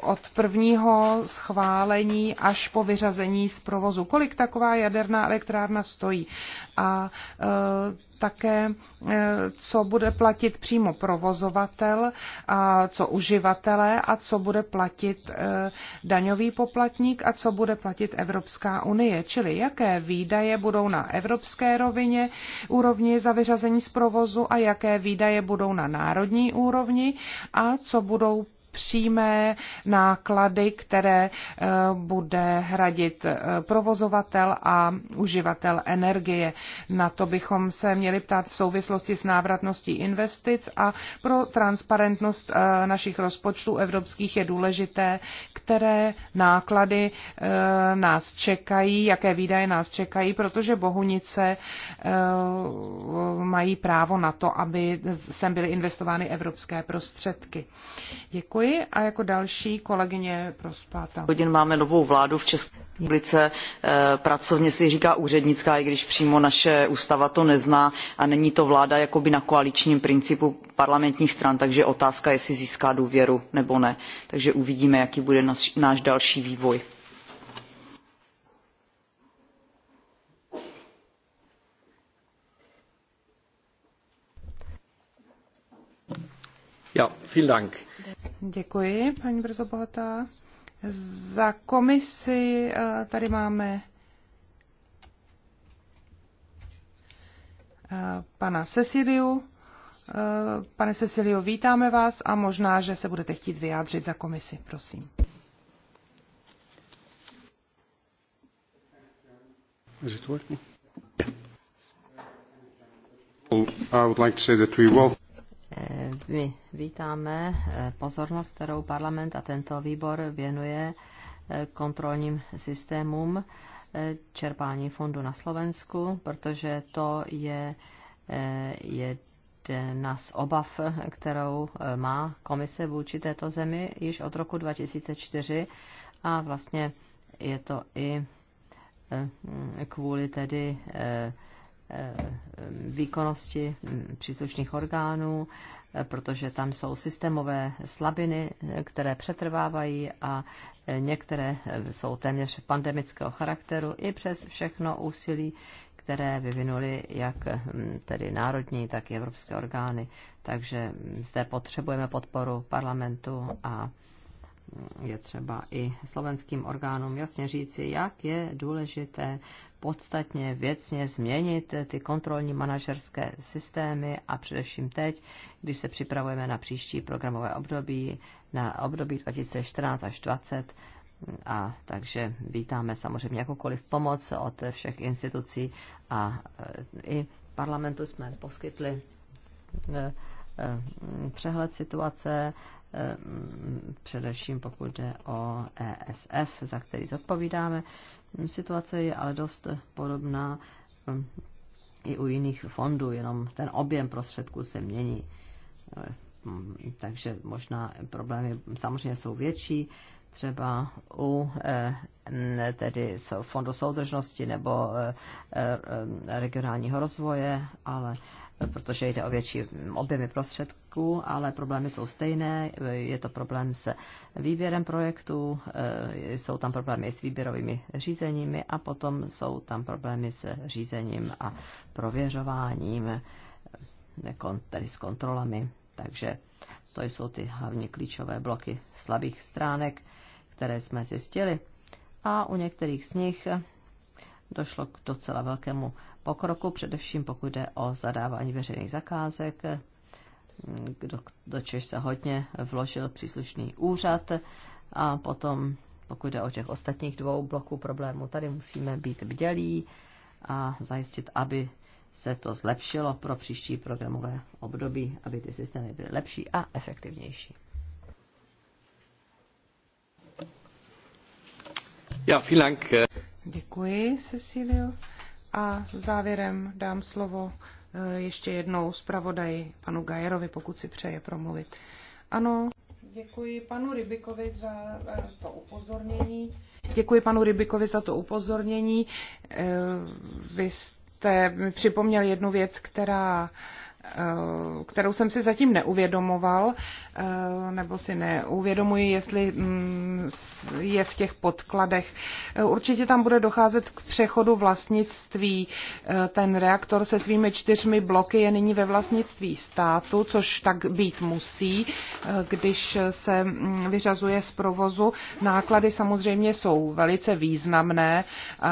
od prvního schválení až po vyřazení z provozu. Kolik taková jaderná elektrárna stojí? A také, eh, co bude platit přímo provozovatel, a co uživatelé a co bude platit eh, daňový poplatník a co bude platit Evropská unie, čili jaké výdaje budou na evropské rovině úrovni za vyřazení z provozu a jaké výdaje budou na národní úrovni a co budou přímé náklady, které eh, bude hradit eh, provozovatel a uživatel energie. Na to bychom se měli ptát v souvislosti s návratností investic a pro transparentnost eh, našich rozpočtů evropských je důležité, které náklady nás čekají, jaké výdaje nás čekají, protože Bohunice mají právo na to, aby sem byly investovány evropské prostředky. Děkuji. Děkuji a jako další kolegyně Prospáta. Hodin máme novou vládu v České republice. Eh, pracovně si říká úřednická, i když přímo naše ústava to nezná a není to vláda jakoby na koaličním principu parlamentních stran, takže otázka, jestli získá důvěru nebo ne. Takže uvidíme, jaký bude náš, náš další vývoj. Ja, vielen Dank. Děkuji, paní Brzobohatá. Za komisi eh, tady máme eh, pana Cecilio. Eh, pane Cecilio, vítáme vás a možná, že se budete chtít vyjádřit za komisi, prosím. Is it working? Oh, I would like to say that we welcome my vítáme eh, pozornost, kterou parlament a tento výbor věnuje eh, kontrolním systémům eh, čerpání fondu na Slovensku, protože to je jedna z obav, kterou má komise vůči této zemi již od roku 2004 a vlastně je to i kvůli tedy Eh, výkonnosti příslušných orgánů, eh, protože tam jsou systémové slabiny, eh, které přetrvávají a některé jsou téměř pandemického charakteru i přes všechno úsilí, které vyvinuli jak tedy národní, tak i evropské orgány. Takže zde potřebujeme podporu parlamentu a mm, je třeba i slovenským orgánům jasně říci, jak je důležité podstatně věcně změnit ty kontrolní manažerské systémy a především teď, když se připravujeme na příští programové období, na období 2014 až 2020, a takže vítáme samozřejmě jakoukoliv pomoc od všech institucí a e, i parlamentu jsme poskytli e, e, přehled situace Eh, především pokud jde o ESF, za který zodpovídáme. Situace je ale dost podobná eh, i u jiných fondů, jenom ten objem prostředků se mění. Eh, takže možná problémy samozřejmě jsou větší, třeba u tedy fondu soudržnosti nebo regionálního rozvoje, ale protože jde o větší objemy prostředků, ale problémy jsou stejné. Je to problém se výběrem projektů, eh, jsou tam problémy s výběrovými řízeními a potom jsou tam problémy s řízením a prověřováním, eh, tedy s kontrolami. Takže to jsou ty hlavně klíčové bloky slabých stránek, které jsme zjistili. A u některých z nich došlo k docela velkému pokroku, především pokud jde o zadávání veřejných zakázek, do, do Češ se hodně vložil příslušný úřad a potom, pokud jde o těch ostatních dvou bloků problémů, tady musíme být bdělí a zajistit, aby se to zlepšilo pro příští programové období, aby ty systémy byly lepší a efektivnější. Ja, vielen Dank. Äh, Děkuji, Cecilio. A závěrem dám slovo eh, ještě jednou zpravodaji panu Gajerovi, pokud si přeje promluvit. Ano, děkuji panu Rybikovi za eh, to upozornění. Děkuji panu Rybikovi za to upozornění. Eh, vy jste mi připomněl jednu věc, která Eh, kterou jsem si zatím neuvědomoval, eh, nebo si neuvědomuji, jestli mm, je v těch podkladech. Eh, určitě tam bude docházet k přechodu vlastnictví. Ten reaktor se svými čtyřmi bloky je nyní ve vlastnictví státu, což tak být musí, když se mm, vyřazuje z provozu. Náklady samozřejmě jsou velice významné.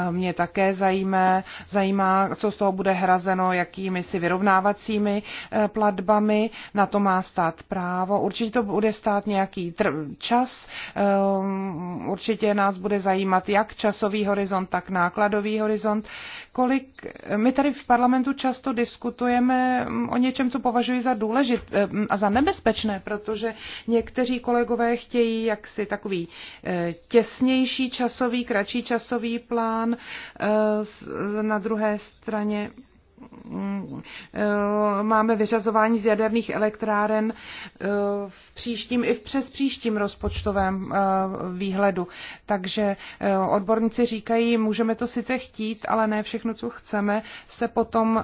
Mě také zajímá, zajímá co z toho bude hrazeno, jakými si vyrovnávacími Eh, platbami, na to má stát právo. Určitě to bude stát nějaký čas, ehm, určitě nás bude zajímat jak časový horizont, tak nákladový horizont. Kolik, my tady v parlamentu často diskutujeme mm, o něčem, co považuji za důležité ehm, a za nebezpečné, protože někteří kolegové chtějí jaksi takový eh, těsnější časový, kratší časový plán, eh, na druhé straně Mm, mm, máme vyřazování z jaderných elektráren eh, v příštím i v přes příštím rozpočtovém eh, výhledu. Takže eh, odborníci říkají, můžeme to sice chtít, ale ne všechno, co chceme, se potom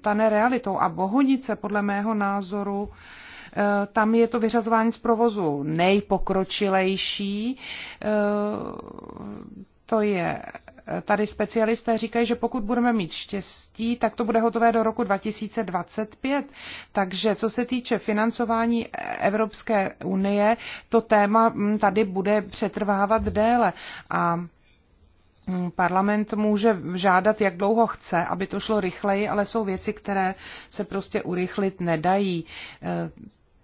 stane realitou. A Bohunice, podle mého názoru, tam je to vyřazování z provozu nejpokročilejší. To je tady specialisté říkají, že pokud budeme mít štěstí, tak to bude hotové do roku 2025. Takže co se týče financování Evropské unie, to téma mm, tady bude přetrvávat déle. A mm, Parlament může žádat, jak dlouho chce, aby to šlo rychleji, ale jsou věci, které se prostě urychlit nedají. E,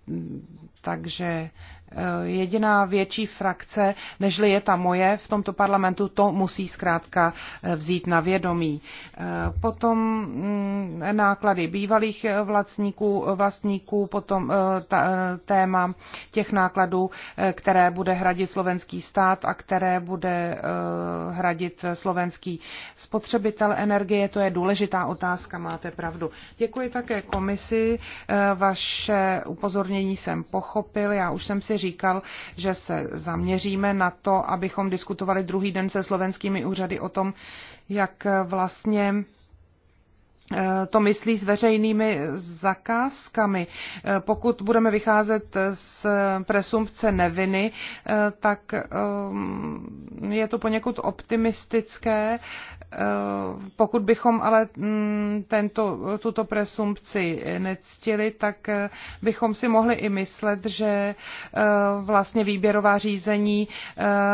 mm, takže Eh, jediná větší frakce, nežli je ta moje v tomto parlamentu, to musí zkrátka eh, vzít na vědomí. Eh, potom mm, náklady bývalých vlastníků, vlastníků potom ta, téma těch nákladů, které bude hradit slovenský stát a které bude hradit slovenský spotřebitel energie, to je důležitá otázka, máte pravdu. Děkuji také komisi, vaše upozornění jsem pochopil, já už jsem si říkal, že se zaměříme na to, abychom diskutovali druhý den se slovenskými úřady o tom, jak vlastně to myslí s veřejnými zakázkami. Eh, pokud budeme vycházet z presumpce neviny, eh, tak ehm, je to poněkud optimistické. Eh, pokud bychom ale mm, tento, tuto presumpci nectili, tak bychom si mohli i myslet, že vlastně výběrová řízení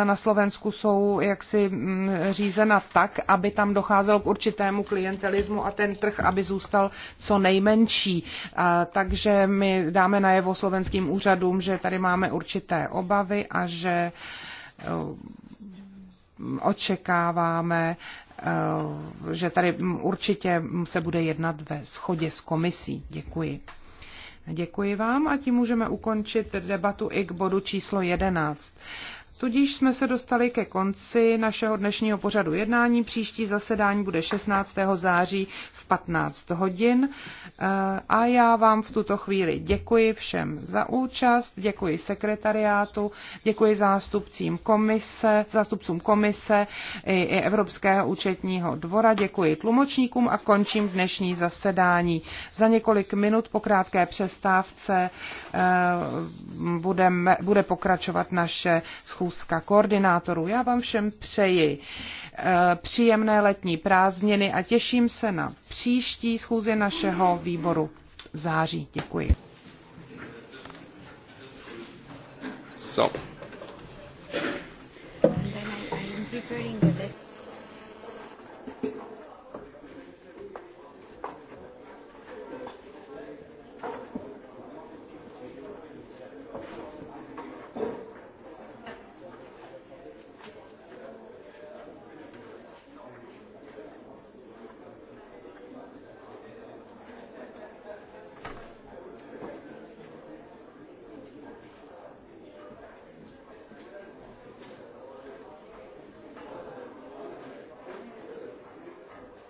na Slovensku jsou jaksi mm, řízena tak, aby tam docházelo k určitému klientelismu a tento trh, aby zůstal co nejmenší. Takže my dáme najevo slovenským úřadům, že tady máme určité obavy a že eh, očekáváme, eh, že tady určitě se bude jednat ve schodě s komisí. Děkuji. Děkuji vám a tím můžeme ukončit debatu i k bodu číslo 11. Tudíž jsme se dostali ke konci našeho dnešního pořadu jednání. Příští zasedání bude 16. září v 15 hodin. Eh, a já vám v tuto chvíli děkuji všem za účast, děkuji sekretariátu, děkuji zástupcím komise, zástupcům komise i Evropského účetního dvora, děkuji tlumočníkům a končím dnešní zasedání. Za několik minut po krátké přestávce eh, budeme, bude pokračovat naše schůzka schůzka koordinátorů. Já vám všem přeji eh, příjemné letní prázdniny a těším se na příští schůzi našeho výboru v září. Děkuji. So.